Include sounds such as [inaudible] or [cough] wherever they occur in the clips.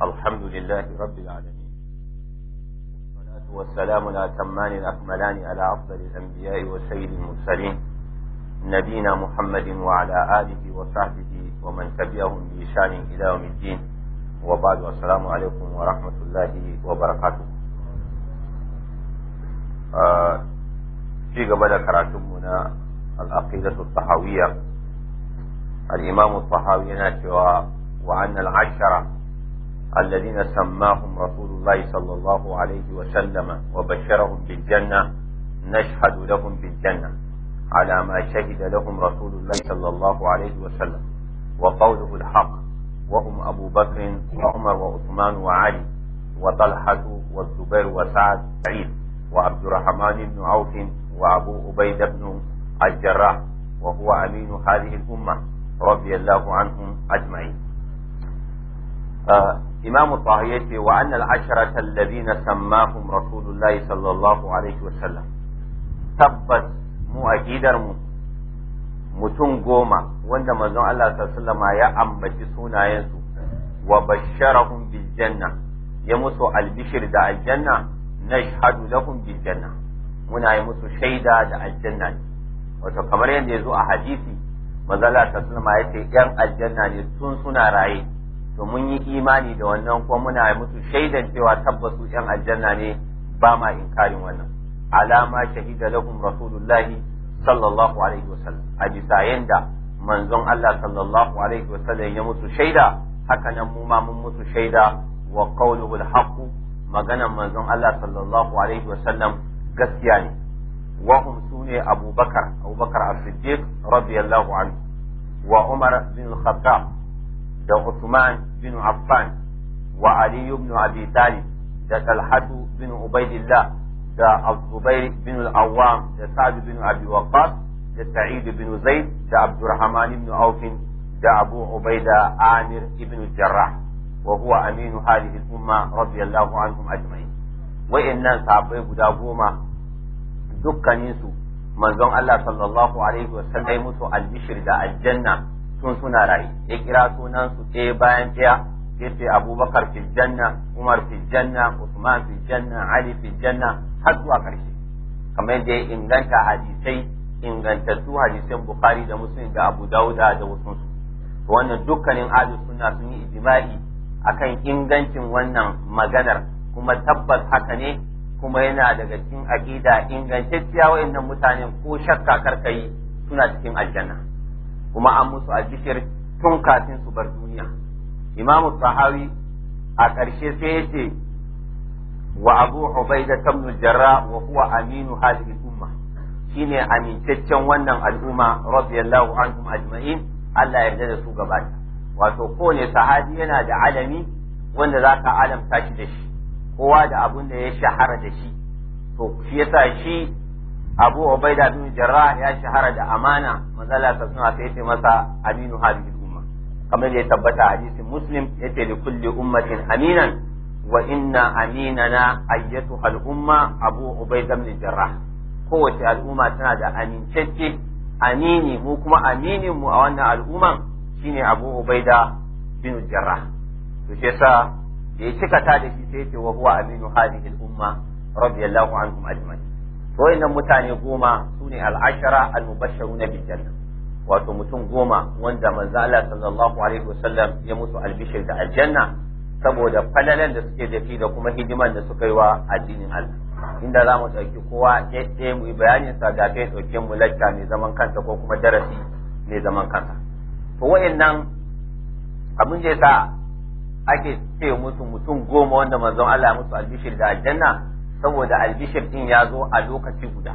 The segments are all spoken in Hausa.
الحمد لله رب العالمين والصلاة والسلام الأتمان الأكملان على أفضل الأنبياء وسيد المرسلين نبينا محمد وعلى آله وصحبه ومن تبعهم بإشان إلى يوم الدين وبعد والسلام عليكم ورحمة الله وبركاته آه، في قبل كراتمنا العقيدة الطحاوية الإمام الطحاوي وعن العشرة الذين سماهم رسول الله صلى الله عليه وسلم وبشرهم بالجنة نشهد لهم بالجنة على ما شهد لهم رسول الله صلى الله عليه وسلم وقوله الحق وهم أبو بكر وعمر وعثمان وعلي وطلحة والزبير وسعد سعيد وعبد الرحمن بن عوف وأبو عبيد بن الجراح وهو أمين هذه الأمة رضي الله عنهم أجمعين آه imam tahi yace wa annal asharata alladhina sammahum rasulullahi sallallahu alaihi wasallam tabbas mu aqidar mu mutum goma wanda manzon Allah sallallahu ya ambaci sunayensu wa basharahum bil janna ya musu albishir da aljanna nashhadu lahum bil janna muna yi musu shaida da aljanna ne wato kamar yadda ya zo a hadisi manzon Allah ya ce yan aljanna ne tun suna raye to mun yi imani da wannan kuma muna musu shaidan cewa tabbas su yan aljanna ne ba ma inkarin wannan alama shahida lahum rasulullah sallallahu alaihi wasallam a bisa yanda manzon Allah sallallahu alaihi wasallam ya musu shaida haka nan mu ma mun musu shaida wa qawluhu alhaq magana manzon Allah sallallahu alaihi wasallam gaskiya ne wa hum sune abubakar abubakar as-siddiq radiyallahu anhu wa umar bin al-khattab da Uthman بن عفان وعلي بن أبي طالب ده طلحة بن عبيد الله ده الزبير بن العوام ده سعد بن أبي وقاص ده سعيد بن زيد ده عبد الرحمن بن أوف ده أبو عبيدة عامر بن الجراح وهو أمين هذه الأمة رضي الله عنهم أجمعين وإن صعبه بدابوما دكا نيسو من الله صلى الله عليه وسلم يموت البشر ده الجنة tun suna rayu ya kira sunan su ɗaya bayan ɗaya ya ce abubakar fi janna umar fi janna usman fi janna ali fi janna har zuwa ƙarshe kamar yadda ya inganta hadisai ingantattu hadisan bukhari da muslim da abu dauda da wasu su wannan dukkanin ahlus suna sun yi ijma'i akan ingancin wannan maganar kuma tabbas haka ne kuma yana daga cikin aqida ingantacciya wayannan mutanen ko shakka karkai suna cikin aljanna kuma an musu bishiyar tun kafin su bar duniya imamu sahawi a ƙarshe sai yace, ce wa abu ubaida ibn jarra wa huwa aminu hadhihi umma shine amintaccen wannan al'umma radiyallahu anhum ajma'in Allah ya yarda da su gaba wato kowane sahabi yana da alami wanda za ka alamta shi da shi kowa da abun da ya shahara da shi to shi yasa shi abu ubaida bin jarrah ya shahara da amana manzala ta suna sai ce masa aminu hadhihi umma kamar da ya tabbata hadisin muslim yace li kulli ummatin aminan wa inna aminana ayyatu al umma abu ubaida bin jarrah kowace al'umma tana da amincacce amini mu kuma aminin mu a wannan al'umman shine abu ubaida bin jarrah to shi yasa da ya cika ta da shi sai ce wa huwa aminu hadhihi al umma radiyallahu anhum ajma'in wayannan mutane goma sune al-ashara al-mubashsharuna bil janna wato mutum goma wanda manzo Allah sallallahu alaihi wasallam ya musu albishir da aljanna saboda falalan da suke da da kuma hidiman da suka yi wa addinin Allah inda za mu ɗauki kowa ɗaya mu yi bayanin sa da kai ɗauke mu lacca mai zaman kanta ko kuma darasi mai zaman kanta to wayannan abin da yasa ake ce musu mutum goma wanda manzo Allah ya musu albishir da aljanna saboda albishir din ya zo a lokaci guda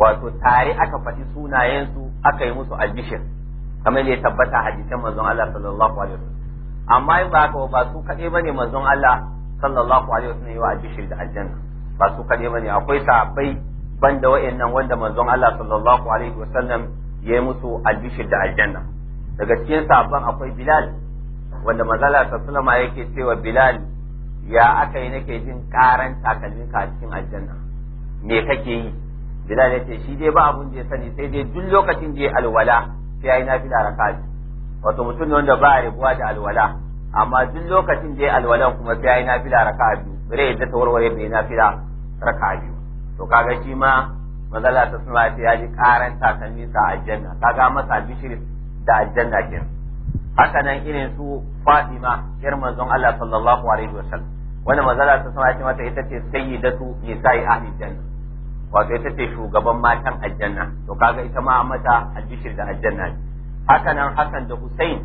wato tare aka faɗi sunayensu aka yi musu albishir kamar ne ya tabbata hadisin manzon Allah sallallahu alaihi wasallam amma in ba ka ba su kaɗai bane manzon Allah sallallahu alaihi wasallam yi albishir da aljanna ba su kaɗai bane akwai sahabbai banda wa'annan wanda manzon Allah sallallahu alaihi wasallam ya yi musu albishir da aljanna daga cikin sahabban akwai Bilal wanda manzon Allah sallallahu alaihi wasallam yake cewa Bilal ya aka yi nake jin karan takalmin ka cikin aljanna me kake yi bilal ya ce shi dai ba abun da ya sani sai dai duk lokacin da ya alwala sai ya yayi nafila rakat wato mutum ne wanda ba rabuwa da alwala amma duk lokacin da ya alwala kuma sai ya yayi nafila raka'a biyu bare yadda ta warware bai nafila raka'a biyu to kaga shi ma mazala ta suna ta yaji karan takalmin sa aljanna kaga masa bishir da aljanna kenan haka nan irin su Fatima yar manzon Allah sallallahu alaihi wasallam wani mazala ta sama ake mata ita ce sa yi ahli janna wato ita ce shugaban matan aljanna to kaga ita ma mata albishir da aljanna ne haka nan Hassan da Hussein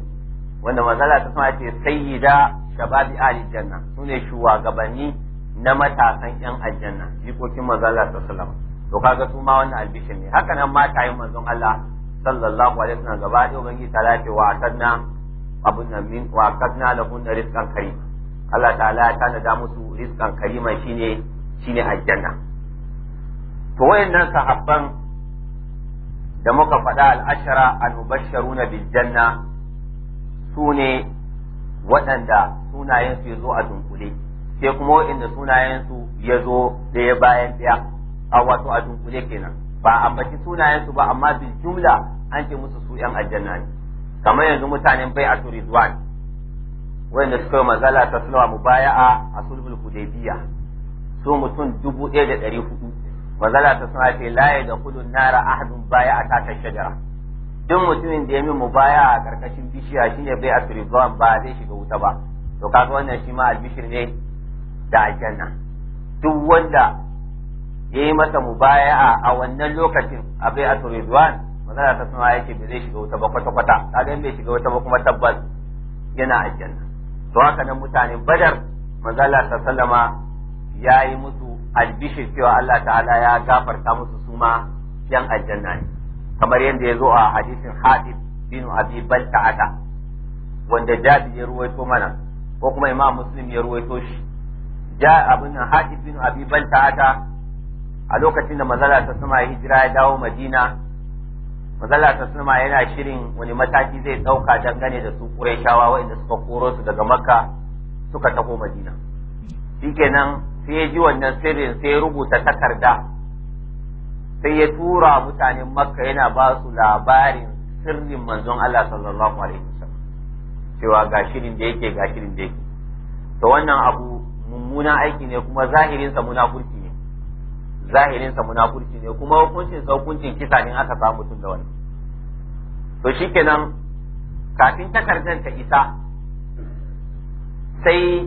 wanda mazala ta sama ce da" shababi ahli janna sune shugabanni na matasan yan aljanna jikokin mazala ta salama. to kaga su ma wannan albishir ne haka nan yin manzon Allah sallallahu alaihi wasallam gaba da ubangi ta lafi wa atanna abun nan min wa kadna lahun rizqan karim Allah ta'ala ya da musu rizqan kalima shine shine aljanna to wayannan sahabban da muka faɗa al'ashara al-mubashsharuna bil janna sune waɗanda sunayen su yazo a dunkule sai kuma waɗanda sunayen su yazo ɗaya bayan ɗaya a wato a dunkule kenan ba ambaci sunayen su ba amma bil jumla an ce musu su yan aljanna ne kamar yanzu mutanen bai a ne. da suka yi mazala ta sulawa mubaya'a a sulhul hudaybiya su mutum dubu ɗaya da ɗari hudu mazala ta suna ce laye da kudun nara ahadun baya a tatar shajara duk mutumin da ya min mubaya'a a ƙarƙashin bishiya shine bai a turizon ba zai shiga wuta ba to kaga wannan shi ma albishir ne da aljanna duk wanda ya yi masa mubaya'a a wannan lokacin a bai a turizon mazala ta suna ya ce ba zai shiga wuta ba kwata-kwata kaga bai shiga wuta ba kuma tabbas yana aljanna to haka nan mutanen badar manzo ta sallama ya yi musu albishir cewa Allah ta'ala ya gafarta musu suma yan aljanna ne kamar yadda ya zo a hadisin Hadid bin Abi Balta'ata wanda Jabi ya ruwaito mana ko kuma Imam Muslim ya ruwaito shi ja abin Nan Hadid bin Abi Balta'ata a lokacin da manzo ta sallama ya hijira ya dawo Madina Mazalla ta suna yana shirin wani mataki zai ɗauka dangane da su qurayshawa waɗanda suka koro su daga makka suka taho madina shikenan sai ya ji wannan sirrin sai ya rubuta takarda sai ya tura mutanen makka yana ba su labarin sirrin manzon Allah sallallahu alaihi wasallam cewa ga shirin da yake ga shirin da yake to wannan abu mummunan aiki ne kuma zahirinsa munafurci zahirin sa munafurci ne kuma hukuncin sa hukuncin kisa ne aka samu mutum da wani to shikenan kafin takardar ta isa sai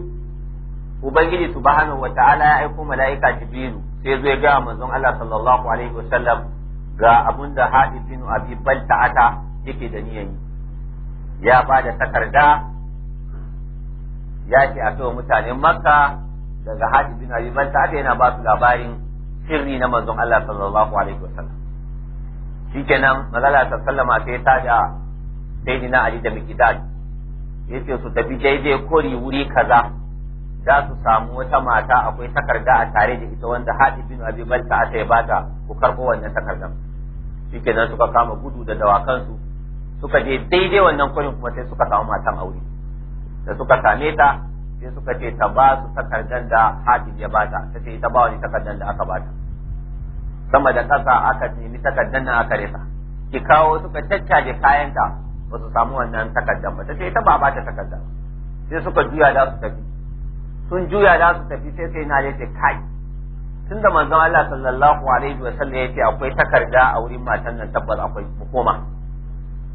ubangiji subhanahu wata'ala ya aiko mala'ika jibrilu sai zai ya ga manzon Allah sallallahu alaihi wasallam ga abun da bin Abi Balta ata yake da niyan ya ba da takarda ya ce a mutanen Makka daga hadi bin Abi Balta ata yana ba su labarin sirri na manzon Allah sallallahu alaihi wasallam shikenan manzala ta sallama sai ta da sayyidina Ali da Miqdad yace su tafi daidai kori wuri kaza za su samu wata mata akwai takarda a tare da ita wanda Hadi bin Abi Balta aka yi bata ku karbo wannan takardar shikenan suka kama gudu da dawakansu suka je daidai wannan kwarin kuma sai suka samu matan aure da suka same ta sai suka ce ta ba su takardar da hatib ya bata ta ce ita ba wani takardar da aka bata sama da ƙasa aka nemi takardar nan aka rasa, ki kawo suka caccaje kayanta ba su samu wannan takardar ba ta ce ita ba ba ta takardar sai suka juya da su tafi sun juya da su tafi sai sai na ce kai tun da manzon Allah sallallahu alaihi wa sallam yace akwai takarda a wurin matan nan tabbas akwai mu koma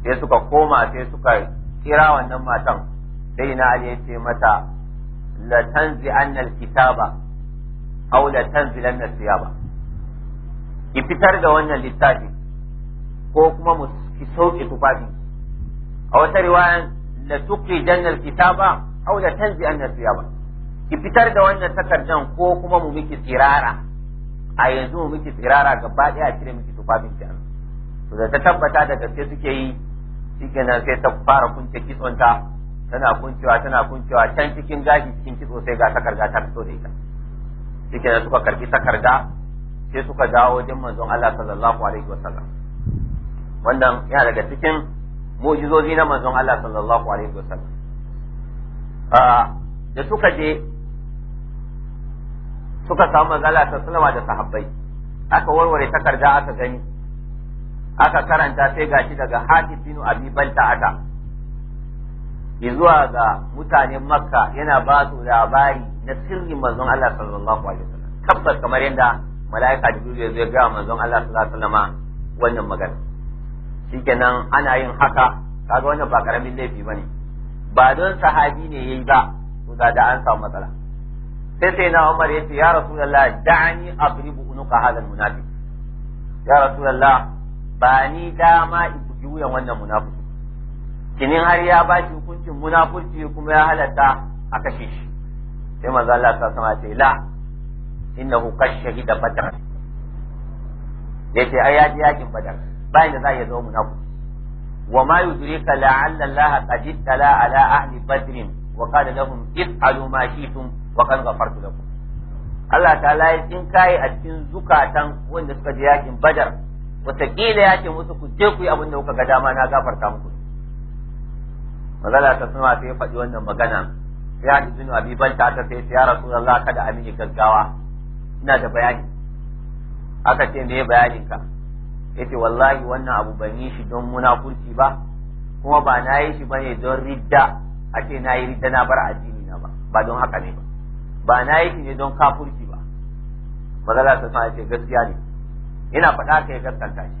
sai suka koma sai suka kira wannan matan sai na Ali yace mata la tanzi anna kitaba aw la tanzilanna siyaba ki fitar da wannan littafi ko kuma mu ki sauke tufafi a wata riwaya la tuqidanna alkitaba aw la tanzilanna siyaba ki fitar da wannan takardan ko kuma mu miki tsirara a yanzu mu miki tsirara gaba daya cire miki tufafin ki to da ta tabbata da gaske suke yi shikenan sai ta fara kunce kitsonta tana kuncewa tana kuncewa can cikin gashi cikin kitso sai ga takarda ta fito da ita shike da suka karbi takarda sai suka dawo wajen manzon Allah sallallahu alaihi wasallam wannan yana daga cikin mu'jizozi na manzon Allah sallallahu alaihi wasallam ah, da suka je suka samu manzala ta sallama da sahabbai aka warware takarda aka gani aka karanta sai gashi daga Hafiz bin Abi aka zuwa ga mutanen makka yana ba su labari na sirrin manzon Allah sallallahu alaihi wasallam tabbas kamar yadda mala'ika da ya zai ga manzon Allah sallallahu alaihi wasallam wannan magana shikenan ana yin haka kaga wannan ba karamin laifi bane ba don sahabi ne yayi ba to da an samu matsala sai sai na Umar ya ce ya Rasulullah da'ani abribu unuka hada munafiq ya Rasulullah ba ni dama in bugi wuyan wannan munafiq kinin har ya ba shi hukuncin munafurci kuma ya halatta a kashe shi sai manzo Allah ta sama ce la innahu kashahida badr yace ai ya ji yakin badar bayan da za ya zo munafurci wa ma yudrika la'alla Allah qad tala ala ahli badr wa qala lahum if'alu ma shi'tum wa qad ghafartu lakum Allah ta'ala ya tsin kai a cikin zukatan wanda suka ji yakin badar wataƙila ya ce musu ku je ku yi abin da kuka ga dama na gafarta muku magana ta sama sai ya faɗi wannan magana ya haɗu bin abi banta ta sai ya rasu Allah kada amini gaggawa ina da bayani aka ce me bayanin ka yace wallahi wannan abu ban yi shi don munafurci ba kuma ba na yi shi bane don ridda a ce na yi ridda na bar addini na ba ba don haka ne ba ba na yi shi ne don kafurci ba magana ta sama ce gaskiya ne ina faɗa ka ya gaskanta shi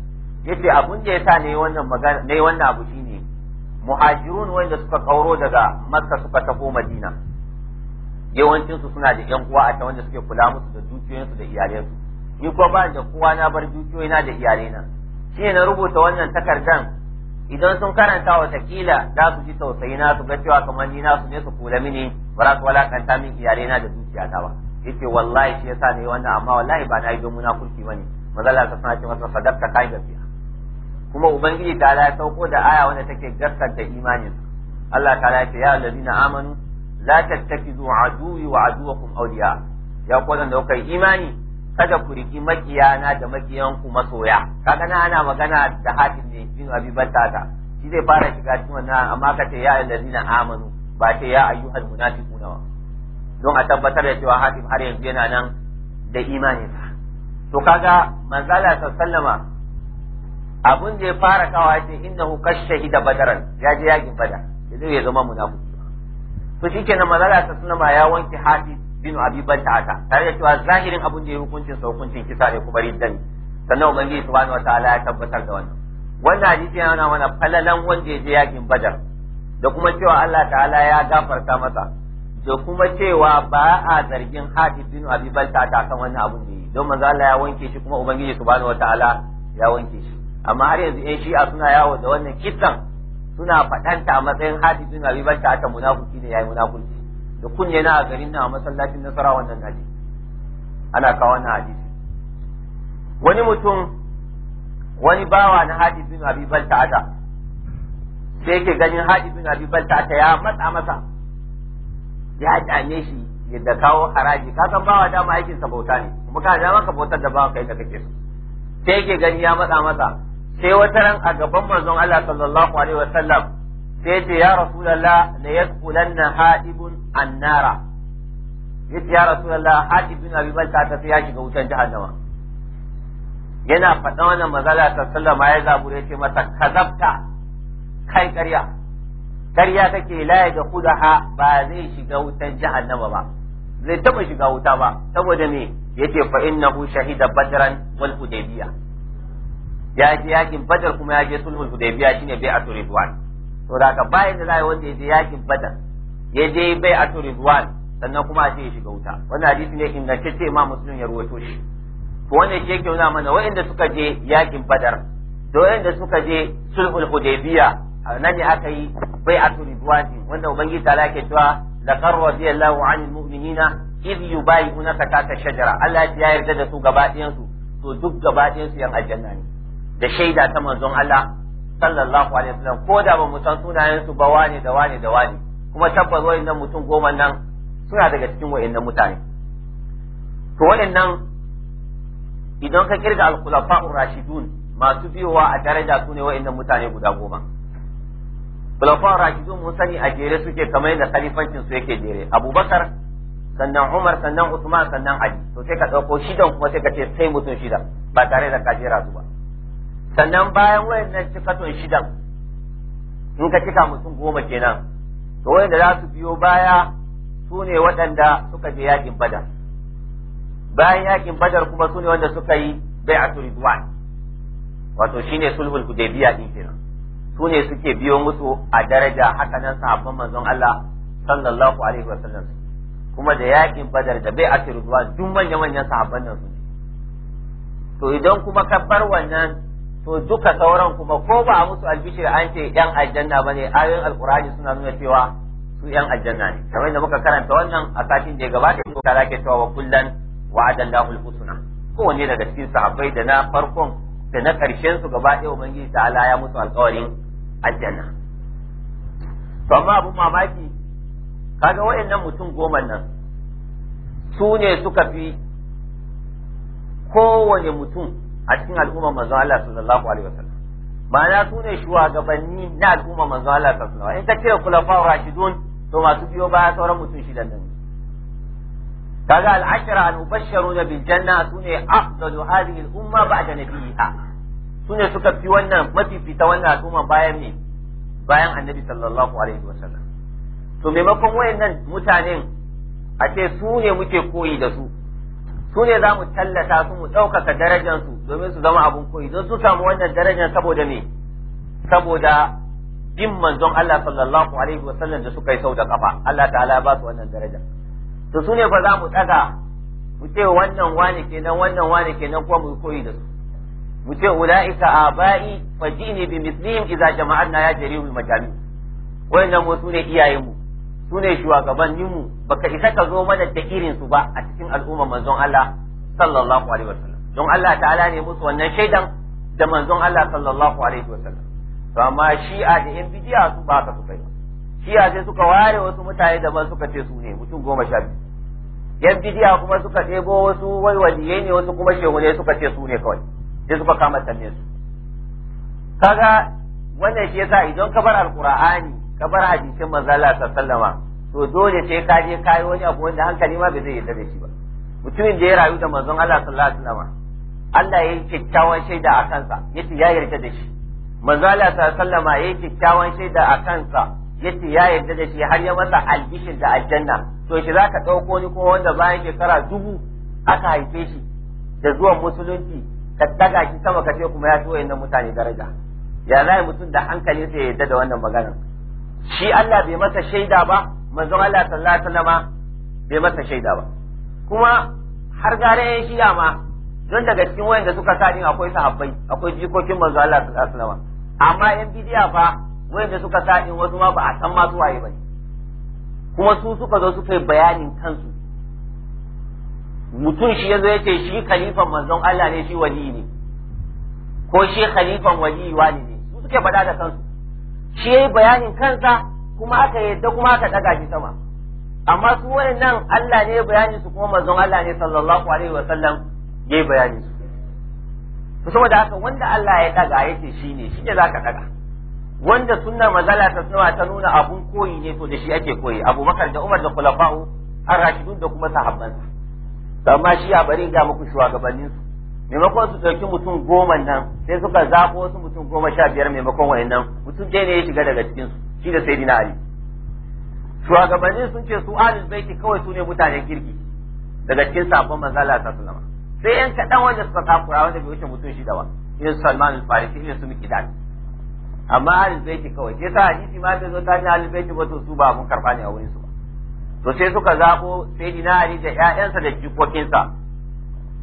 yace abun da ya ne wannan magana ne wannan abu shine muhajirun wanda suka kauro daga makka suka taho madina yawancin su suna da yan uwa a ta wanda suke kula musu da dukiyoyin su da iyalansu ni kuma ba da kowa na bar dukiyoyi na da iyalena ne na rubuta wannan takardan idan sun karanta watakila za su ji tausayi na su ga cewa kamar ni su ne su kula mini ba za su walakanta min iyalena da dukiyata ba yace wallahi shi yasa ne wannan amma wallahi ba na yi don kurki bane mazalla ta sanace ce masa sadaqta kai gaskiya kuma ubangiji ta ya sauko da aya wanda take gaskanta imanin Allah ta ya ce ya ladina amanu la tattakizu aduwi wa aduwakum awliya ya ko da kai imani kada ku riki makiyana da makiyanku masoya kaga na ana magana da hadin ne bin abi batata shi zai fara shiga cikin wannan amma ka ce ya ladina amanu ba ta ya ayyuhal munafiqun don a tabbatar da cewa hadin har yanzu yana nan da sa to kaga manzala sallama abun da ya fara kawa ya ce kashe kashahida badaran ya je yakin badar zai zama munafiki to shikenan manzala ta ma ya wanke hafi binu abi Ta tare da cewa zahirin abun da ya hukuncin sa hukuncin kisa ne kuma riddan sannan ubangiji subhanahu wataala ya tabbatar da wannan wannan hadisi yana nuna mana falalan wanda ya je yakin badar da kuma cewa Allah ta'ala ya gafarta masa da kuma cewa ba a zargin hafiz bin abi balta ta kan wannan abun da yi don manzo Allah ya wanke shi kuma ubangiji subhanahu wataala ya wanke shi amma har yanzu yan shi'a suna yawo da wannan kisan suna faɗanta a matsayin hadi bin abi ta ta munafiki ne yayi munafiki da kunya na a garin nan a masallacin nasara wannan hadisi ana kawo wannan hadisi wani mutum wani bawa na hadi bin abi banta ta, sai yake ganin hadi bin abi banta ta ya matsa masa ya dame shi yadda kawo haraji ka san bawa dama aikin sa bauta ne kuma ka dama ka bautar da bawa kai da kake so sai yake gani ya matsa masa sai wata ran a gaban manzon Allah sallallahu alaihi wasallam sai ce ya rasulullah la yadkhulanna haibun annara yace ya rasulullah haib abi balta ta ya shiga wutan jahannama yana faɗa wannan Sallallahu ta sallama ya zabure ce masa kazabta kai ƙarya ƙarya kake la ya kudaha ba zai shiga wutan jahannama ba zai taba shiga wuta ba saboda me yace fa innahu shahida badran wal hudaybiyah ya je yakin badar kuma ya je sulhul hudaybiya shine bai atu ridwan to da ka bayan da zai wanda ya je yakin badar ya je bai atu ridwan sannan kuma a ce ya shiga wuta wannan hadisi ne ce ma musulun ya ruwato shi to wannan shi ke nuna mana waɗanda suka je yakin badar da waɗanda suka je sulhul hudaybiya nan ne aka yi bai atu ridwan wanda ubangiji ta lake cewa laqad radiyallahu anil mu'minina iz yubayi'unaka tata shajara Allah ya yarda da su gaba ɗayan su to duk gaba ɗayan su yan aljanna ne da shaida ta manzon Allah sallallahu alaihi wasallam ko da ba mu san sunayen su ba wane da wane da wane kuma tabbas wayannan mutum goma nan suna daga cikin wayannan mutane to wayannan idan ka kirga al-khulafa rashidun masu biyowa a daraja sune wayannan mutane guda goma khulafa rashidun mun sani a jere suke kamar yadda khalifancin su yake jere abubakar sannan umar sannan usman sannan ali to sai ka dauko shidan kuma sai ka ce sai mutum shida ba tare da kajera su ba sannan bayan wayannan cikaton shidan in ka cika mutum goma kenan to da za su biyo baya su ne waɗanda suka je yakin badar bayan yakin badar kuma su ne wanda suka yi bai a ridwan wato shine sulhul hudaybiya din kenan su ne suke biyo musu a daraja haka nan sahabban manzon Allah sallallahu alaihi wa sallam kuma da yakin badar da bai a ridwan duk manyan manyan sahabban nan su to idan kuma ka bar wannan to duka sauran kuma ko ba musu albishir an ce yan aljanna ba ne ayoyin alkur'ani suna nuna cewa su yan aljanna ne kamar yadda muka karanta wannan a satin da ya gabata ko kaza ke cewa wa kullan wa'adan Allahu husna kowanne daga cikin sahabbai da na farkon da na karshen su gaba ɗaya ubangiji ta ala ya musu alƙawarin aljanna to amma abun mamaki kaga wayannan mutum goma nan su ne suka fi kowane mutum a cikin al'ummar manzon Allah sallallahu alaihi wasallam ma'ana su ne shugabanni na al'ummar manzon Allah sallallahu alaihi wasallam in ka cire kulafa rashidun to masu biyo baya sauran mutum shi shida nan kaga al'ashara al da bil janna sune afdalu hadhihi al-umma ba'da nabiha sune suka fi wannan mafifita wannan al'umma bayan ne bayan annabi sallallahu alaihi wasallam to maimakon wayannan mutanen a ce su ne muke koyi da su su ne za mu tallata su mu ɗaukaka darajansu domin su zama abun koyi don su samu wannan darajar saboda me saboda bin manzon Allah sallallahu alaihi wasallam da suka yi sau da kafa Allah ta'ala ba su wannan daraja to su ne fa za mu ɗaga mu ce wannan wani kenan wannan wani kenan kuma mu koyi da su mu ce ulaika abai fajini bi mislihim idza jama'na ya jarimul majami wayannan mu su ne iyayenmu su ne shugabanninmu baka isa ka zo mana da irin su ba a cikin al'umma manzon Allah sallallahu alaihi wasallam don Allah ta'ala ne musu wannan shaidan da manzon Allah sallallahu alaihi wasallam to amma shi'a da yan bidiya su ba ka suka yi shi'a sai suka ware wasu mutane da man suka ce su ne mutum goma sha biyu yan bidiya kuma suka ɗebo wasu wai waliyai ne wasu kuma shehu ne suka ce su ne kawai sai suka kama sanne su kaga wannan shi yasa idan ka bar alqur'ani ka bar hadisin manzon Allah sallallahu alaihi wasallama to dole sai ka je kayi wani abu wanda hankali ma bai zai yarda da shi ba mutumin da ya rayu da manzon Allah sallallahu alaihi wasallam Allah ya yi kyakkyawan shaida a kansa yace ya yarda da shi manzon Allah sallallahu alaihi wasallam ya yi kyakkyawan shaida a kansa yace ya yarda da shi har ya masa albishin da aljanna to shi zaka dauko ni ko wanda bayan shekara dubu aka haife shi da zuwan musulunci ka daga shi sama ka ce kuma ya ci wayannan mutane daraja ya zai mutum da hankalinsa ya yarda da wannan magana shi Allah bai masa shaida ba manzon Allah sallallahu alaihi wasallama bai masa shaida ba kuma har gare yan shiya ma don daga cikin wayanda suka sa akwai sahabbai akwai jikokin manzo Allah sallallahu alaihi wasallama amma yan bidiya fa wayanda suka sa wasu ma ba a san ma su waye ba kuma su suka zo suka yi bayanin kansu mutum shi yazo yace shi khalifan manzon Allah ne shi wali ne ko shi khalifan wali wani ne su suke faɗa da kansu shi yayi bayanin kansa kuma aka yadda kuma aka daga shi sama amma su wayannan Allah ne ya bayani su kuma manzon Allah ne sallallahu alaihi wa sallam ya bayani su to saboda haka wanda Allah ya daga yake shine ne zaka daga wanda sunna mazala ta sunna ta nuna abun koyi ne to da shi ake koyi Abu Bakar da Umar da Khulafa'u ar-Rashidun da kuma su. amma shi a bari ga muku shugabannin su maimakon su ɗauki mutum goma nan sai suka zaɓo wasu mutum goma sha biyar maimakon wayannan mutum ɗaya ne ya shiga daga cikin su da sai dina ali shugabanni sun ce su ahlul baiti kawai su ne mutanen kirki daga cikin sabon manzo Allah ta sallama sai yan kadan wanda suka takura wanda bai wuce mutum shida ba in Salman al-Farisi ne su Miqdad amma ahlul baiti kawai sai sa hadisi ma bai zo ta ni ahlul baiti wato su ba mun karfa ne a wurin su to sai suka zabo dina ali da ƴaƴansa da jikokinsa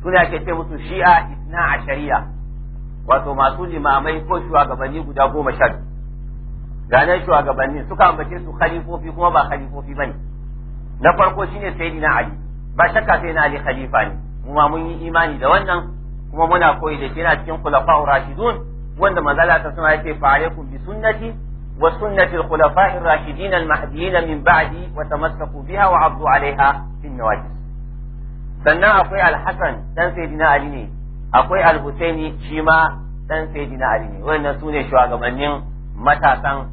su ne ake ce musu shi'a isna ashariya wato masu limamai ko shugabanni guda goma sha biyu ganin shugabanni suka ambace su khalifofi kuma ba khalifofi bane na farko shine sayyidina ali ba shakka sayyidina ali khalifa ne mu ma mun yi imani da wannan kuma muna koyi da shi yana cikin khulafa'ur rashidun wanda manzala ta suna yace fa alaikum bi sunnati wa sunnati al-khulafa'ir rashidin al-mahdiyyin min ba'di wa tamassaku biha wa 'addu 'alayha bin nawajis sannan akwai al-hasan dan sayyidina ali ne akwai al-husaini shi ma dan sayyidina ali ne wannan sune shugabannin matasan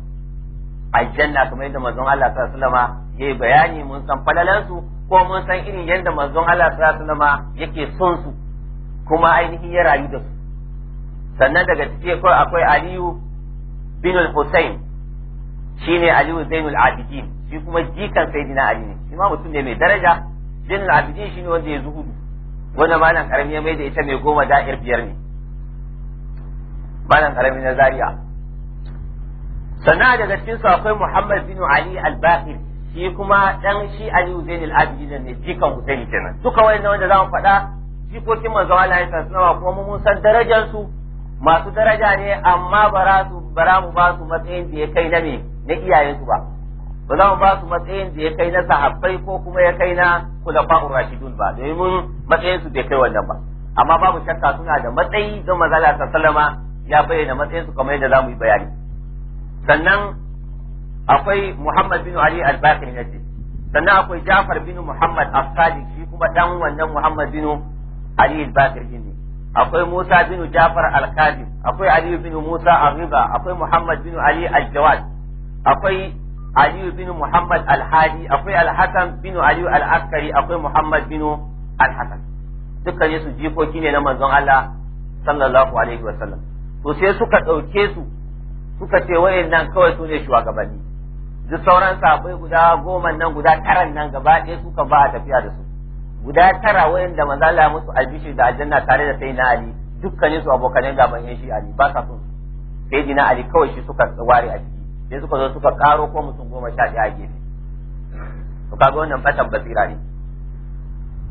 aljanna kamar yadda manzon Allah sallallahu alaihi wasallama yayi bayani mun san falalan su ko mun san irin yadda manzon Allah sallallahu alaihi wasallama yake son su kuma ainihin ya rayu da su sannan daga cikin akwai akwai Aliyu bin al-Husayn shine Aliyu Zainul Abidin shi kuma jikan Sayyidina Ali ne shi ma mutum ne mai daraja al Abidin shine wanda ya zuhudu wanda malam karami ya mai da ita mai goma da'ir biyar ne malam karami na Zaria sannan daga cikin su akwai Muhammad bin Ali al-Baqir shi kuma dan shi Ali Zain al-Abidin ne jikan Husaini kenan duka wayannan wanda zamu faɗa jikokin manzo Allah ya sallama kuma mun san darajar su masu daraja ne amma bara su bara mu ba su matsayin da ya kai na me na iyayen su ba ba za ba su matsayin da ya kai na sahabbai ko kuma ya kai na kulafa'ur rashidun ba domin matsayin su bai kai wannan ba amma babu shakka suna da matsayi ga manzo Allah sallama ya bayyana matsayin su kamar yadda zamu yi bayani sannan akwai Muhammad bin Ali al-Baqir nace sannan akwai Ja'far bin Muhammad as-Sadiq shi kuma dan wannan Muhammad bin Ali al-Baqir ne akwai Musa bin Ja'far al-Kadhi akwai Ali bin Musa ar-Riba akwai Muhammad bin Ali al-Jawad akwai Ali bin Muhammad al-Hadi akwai al-Hasan bin Ali al-Askari akwai Muhammad bin al-Hasan dukkan su jikoki ne na manzon Allah sallallahu alaihi wasallam to sai suka dauke su suka ce nan kawai su ne shugabanni duk sauran sahabbai guda goma nan guda taran nan gaba ɗaya suka ba a tafiya da su guda tara wayan da maza la musu albishir da aljanna tare da na Ali dukkanin su abokanen gaban yan shi Ali ba sa son dina Ali kawai shi suka ware a ciki sai suka zo suka karo ko mutum goma sha ɗaya a gefe to kaga wannan fatan basira ne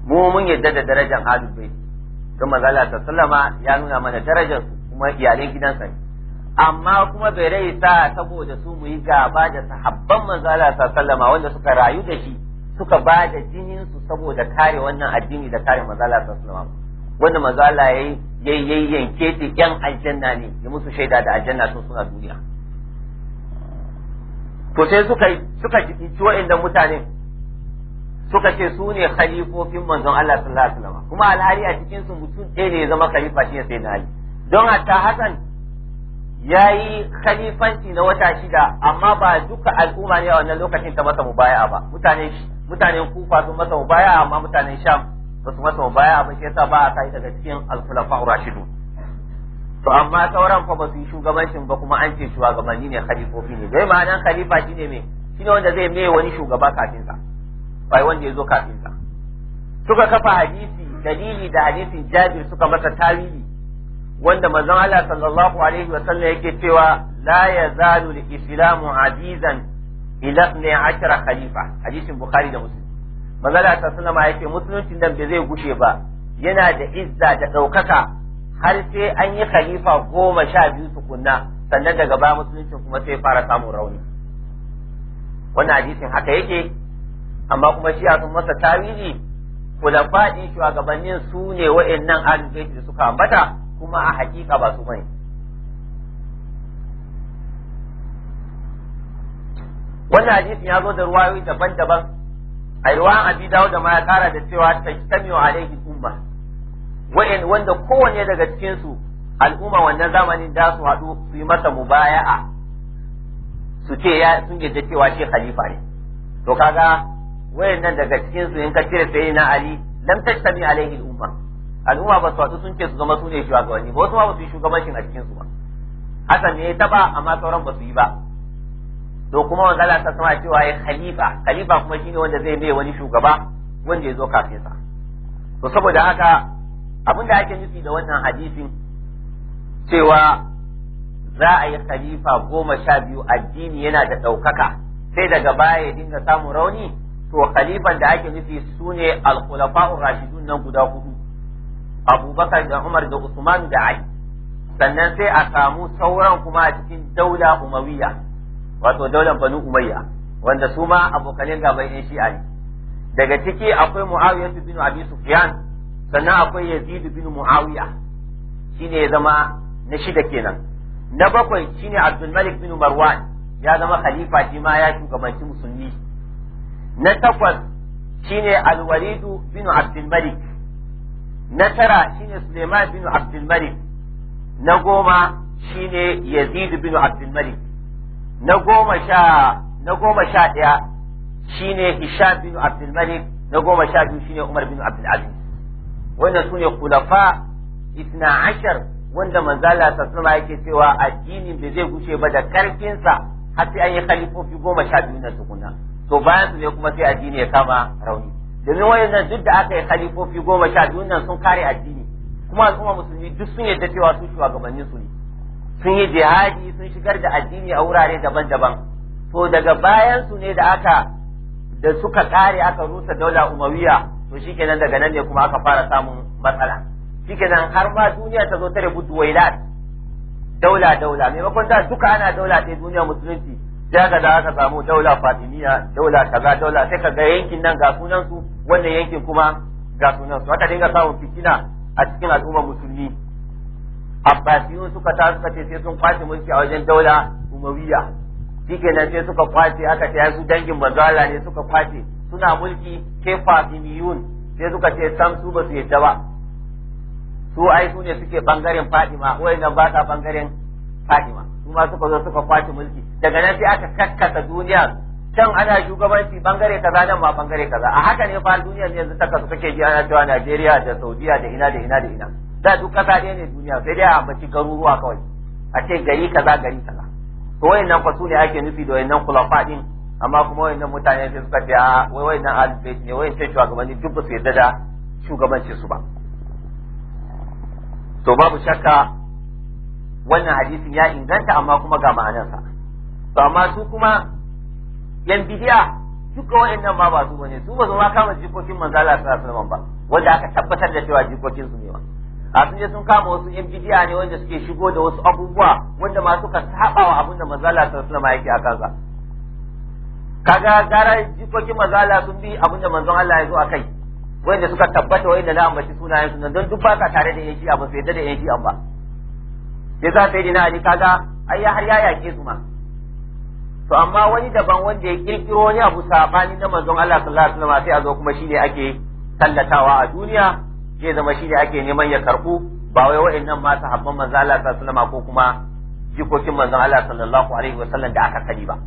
mu mun yadda da darajar halin bai kuma manzo sallama ya nuna mana darajar kuma iyalan gidansa ne amma kuma bai rai sa saboda su mu yi gaba da sahabban manzo Allah sallama wanda suka rayu da shi suka ba da jinin su saboda kare wannan addini da kare manzo Allah sallama wanda manzo Allah yayi yayyen yanke ta yan aljanna ne ya musu shaida da aljanna sun suna duniya to sai suka suka ci inda mutane suka ce su ne khalifofin manzon Allah sallallahu alaihi wasallam kuma alhari a cikin su mutum ɗaya ne ya zama khalifa shi ne sayyidina Ali don hatta Hassan ya yi khalifanci na wata shida amma ba duka al'umma ne a wannan lokacin ta masa mubaya ba mutane mutanen kufa sun masa mubaya amma mutanen sham ba su masa mubaya ba shi yasa ba a kai daga cikin al-khulafa rashidu to amma sauran fa ba su yi shugabancin ba kuma an ce shugabanni ne khalifofi ne dai nan khalifa shine me shine wanda zai mai wani shugaba kafin sa bai wanda ya zo kafin sa suka kafa hadisi dalili da hadisin Jabir suka masa tarihi wanda manzon Allah sallallahu alaihi wa sallam yake cewa la yazalu al-islamu azizan ila 12 khalifa hadisin bukhari da muslim manzon Allah sallallahu alaihi yake musuluncin nan bai zai gushe ba yana da izza da daukaka har sai an yi khalifa goma sha biyu tukunna sannan daga ba musuluncin kuma sai fara samun rauni wannan hadisin haka yake amma kuma shi sun masa tawili Kula din shugabannin su ne wa'annan ahlul da suka ambata kuma a hakika ba su bane wannan hadisin ya zo da ruwayoyi daban-daban a ruwan abi dawo da ma ya kara da cewa ta tajtamiu alaihi umma wa'in wanda kowanne daga cikin su al'umma wannan zamanin da su haɗu su yi masa mubaya'a su ce ya sun yadda cewa shi khalifa ne to kaga wayannan daga cikin su in ka cire sayyidina ali lam tajtami alaihi umma al'umma ba su watsu sun ce su zama su ne shugabanni ba wasu ma ba su yi shugabancin a cikin su ba hasan ne ya ba amma sauran ba su yi ba to kuma wanda Allah ta sama cewa ya khalifa khalifa kuma shine wanda zai mai wani shugaba wanda ya zo kafin sa to saboda haka abin da ake nufi da wannan hadisin cewa za a yi khalifa goma sha biyu addini yana da ɗaukaka sai daga baya ya dinga samun rauni to khalifan da ake nufi sune ne alkulafa'ur rashidun nan guda hudu abubakar da umar da usman da ali sannan sai a samu sauran kuma a cikin daula umawiya wato daular banu umayya wanda su ma abokanin gaban yan shi'a ne daga ciki akwai muawiya bin abi sufyan sannan akwai yazid bin muawiya shine ya zama na shida kenan na bakwai shine abdul malik bin marwan ya zama khalifa shi ma ya shugabanci musulmi na takwas shine al-walid bin abdul malik na tara shine Suleiman bin Abdul Malik na goma shine Yazid bin Abdul Malik na goma sha na goma sha ɗaya shine Hisham bin Abdul Malik na goma sha biyu shine Umar bin Abdul Aziz wannan sune kulafa isna ashar wanda manzala ta sama yake cewa addinin da zai guce ba da karfinsa har sai an yi khalifofi goma sha biyu na tukuna to bayan su ne kuma sai addini ya kama rauni domin nan duk da aka yi khalifofi goma sha biyu nan sun kare addini kuma al'umma musulmi duk sun yadda cewa su shugabannin su ne sun yi jihadi sun shigar da addini a wurare daban-daban to daga bayan su ne da aka da suka kare aka rusa daula umawiya to shikenan daga nan ne kuma aka fara samun matsala shikenan har ma duniya ta zo ta rubu duwailat daula daula maimakon da duka ana daula ta duniya musulunci sai aka da aka samu daula fatimiyya daula kaza daula sai ka ga yankin nan ga sunan su wannan yankin kuma ga sunan su aka dinga samun fitina a cikin al'ummar musulmi abbasiyun suka ta suka ce sai sun kwace mulki a wajen daula umawiya shikenan sai suka kwace aka ce su dangin manzala ne suka kwace suna mulki ke fatimiyun sai suka ce sam su ba su yadda ba su ai su ne suke bangaren fatima wayannan ba ta bangaren fatima su ma suka zo suka kwace mulki daga nan sai aka kakkasa duniya can ana shugabanci bangare kaza nan ma bangare kaza a haka ne fa duniyar yanzu ta kasu kake ji ana cewa Najeriya da Saudiya da ina da ina da ina da duk kasa ɗaya ne duniya sai dai a ambaci garuruwa kawai a ce gari kaza gari kaza to wayannan fa su ne ake nufi da wayannan kulafa din amma kuma wayannan mutane sai suka ce a wai wayannan albet ne wayannan shugabanni duk ba su yarda da shugabanci su ba to babu shakka wannan hadisin ya inganta amma kuma ga ma'anarsa to amma su kuma yan bidiya duka wa'annan ma ba su bane su ba su ma kama jikokin manzo Allah sallallahu alaihi wasallam ba wanda aka tabbatar da cewa jikokin su ne ba a sun je sun kama wasu yan bidiya ne wanda suke shigo da wasu abubuwa wanda ma suka saba wa abinda manzo Allah sallallahu alaihi wasallam yake a kansa kaga gara jikokin manzo Allah sun bi abinda manzon Allah ya zo akai wanda suka tabbata wa'annan na ambaci sunayen su don duk baka tare da yanki su sai da yanki ba sai za sai dina ali kaga ai har ya yake su ma to amma wani daban wanda ya kirkiro wani abu sabani na manzon Allah sallallahu alaihi wasallam sai a zo kuma shine ake tallatawa a duniya sai zama shine ake neman ya karbu ba wai wa'annan ma sahabban manzon Allah sallallahu alaihi wasallam ko kuma jikokin manzon Allah sallallahu alaihi wasallam da aka sani ba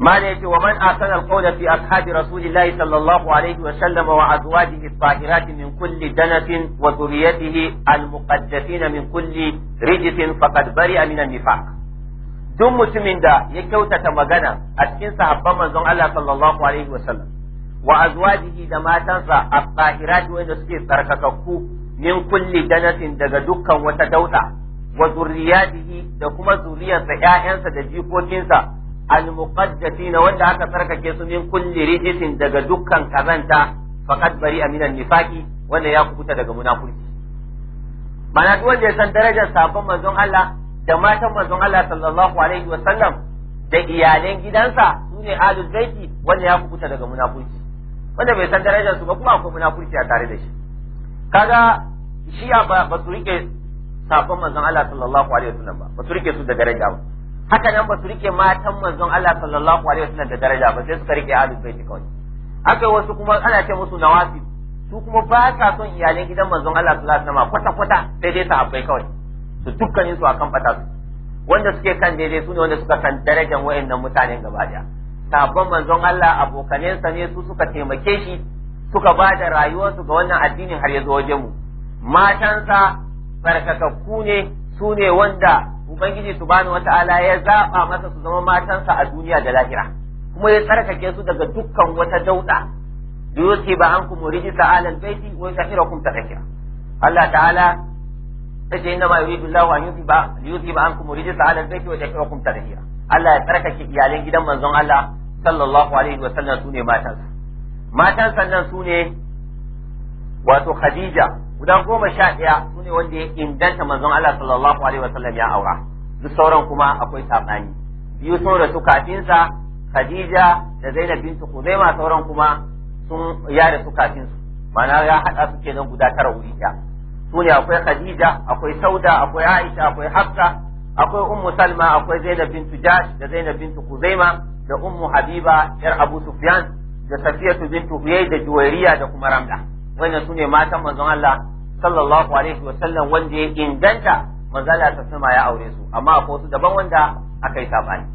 ما يجي ومن أحسن القول في أصحاب رسول الله صلى الله عليه وسلم وأزواجه الطاهرات من كل دنة وذريته المقدسين من كل رجس فقد برئ من النفاق duk mutumin da ya kyautata magana a cikin sahabban manzon Allah sallallahu alaihi sallam wa azwajihi da matansa a tahirati wanda suke tsarkakakku min kulli danatin daga dukkan wata dauda wa zurriyatihi da kuma zuriyarsa ƴaƴansa da jikokinsa al na wanda aka tsarkake su min kulli rijisin daga dukkan kazanta faqad bari aminan nifaqi wanda ya kubuta daga munafiki mana duk wanda ya san darajar sabon manzon Allah da matan manzon Allah sallallahu alaihi wasallam da iyalan gidansa su ne baiti wanda ya kubuta daga munafurci wanda bai san darajar su ba kuma akwai munafurci a tare da shi kaga shi ba su rike sabon manzon Allah sallallahu alaihi wasallam ba ba su rike su da daraja ba haka nan ba su rike matan manzon Allah sallallahu alaihi wasallam da daraja ba sai suka rike alul baiti kawai haka wasu kuma ana ce musu nawasi su kuma ba sa son iyalan gidan manzon Allah sallallahu alaihi wasallam kwata kwata sai dai sahabbai kawai su dukkanin su akan bata su wanda suke kan daidai su ne wanda suka kan darajar wayannan mutanen gaba daya sabon manzon Allah abokanensa ne su suka taimake shi suka ba da rayuwarsu ga wannan addinin har ya zo wajen mu matansa sarkakakku ne su ne wanda ubangiji subhanahu wata'ala ya zaba masa su zama matansa a duniya da lahira kuma ya tsarkake su daga dukkan wata dauda yusi ba an kuma rijisa alal baiti wa yahirakum tadhkira Allah ta'ala sai inna ma yuridu Allahu an yuthiba yuthiba ankum rijsa ala al-bayti wa yahyikum tadhira Allah ya tsarkake iyalan gidan manzon Allah sallallahu alaihi wa sallam sune matansa matan sannan sune wato Khadija guda goma sha ɗaya sune wanda ya inganta manzon Allah sallallahu alaihi wa sallam ya aura duk sauran kuma akwai sabani biyu sun rasu kafinsa Khadija da Zainab bintu Khuzaima sauran kuma sun su kafin su. ma'ana ya hada su kenan guda tara wuri ɗaya sune akwai Khadija akwai Sauda akwai Aisha akwai Hafsa akwai Ummu Salma akwai Zainab bintu Jash da Zainab bintu Kuzaima da Ummu Habiba yar Abu Sufyan da Safiyatu bintu Huyay da Juwairiya da kuma Ramda wannan sune matan manzon Allah sallallahu alaihi wa sallam wanda ya inganta manzala ta sama ya aure su amma akwai wasu daban wanda aka yi sabani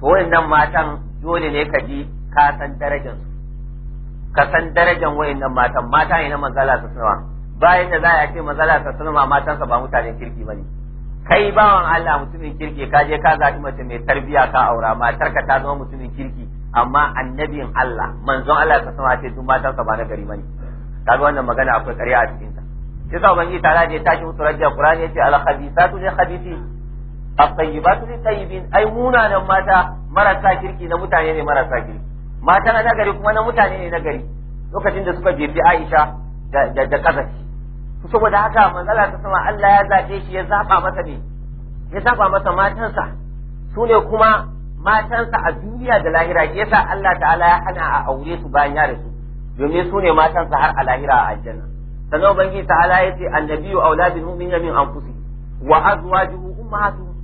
to wayannan matan dole ne ka ji ka san darajar su ka san darajar wayannan matan mata ne na manzon Allah sallallahu bayan da za a ce mazala ta sunama matansa ba mutanen kirki ba ne kai bawan Allah mutumin kirki ka je ka zaɓi mace mai tarbiya ka aura matar ta zama mutumin kirki amma annabin Allah manzon Allah ta sama ce duk matansa ba na gari ta kaga wannan magana akwai ƙarya a cikin ta sai sa ubangi ta je tashi musu rajja qur'ani yace al khabithatu lil ba at-tayyibatu tsayi tayyibin ai munanan mata marasa kirki na mutane ne marasa kirki mata na gari kuma na mutane ne na lokacin da suka jefi Aisha da da kazafi saboda haka manzala ta sama Allah ya zaɓe shi ya zaɓa masa ne ya zaɓa masa matansa su ne kuma matansa a duniya da lahira ya yasa Allah ta'ala ya hana a aure su bayan ya rasu domin su ne matansa har a lahira a aljanna sannan ubangiji ta'ala ya ce annabiyyu auladul mu'minina min anfusihim wa azwajuhu ummahatuhum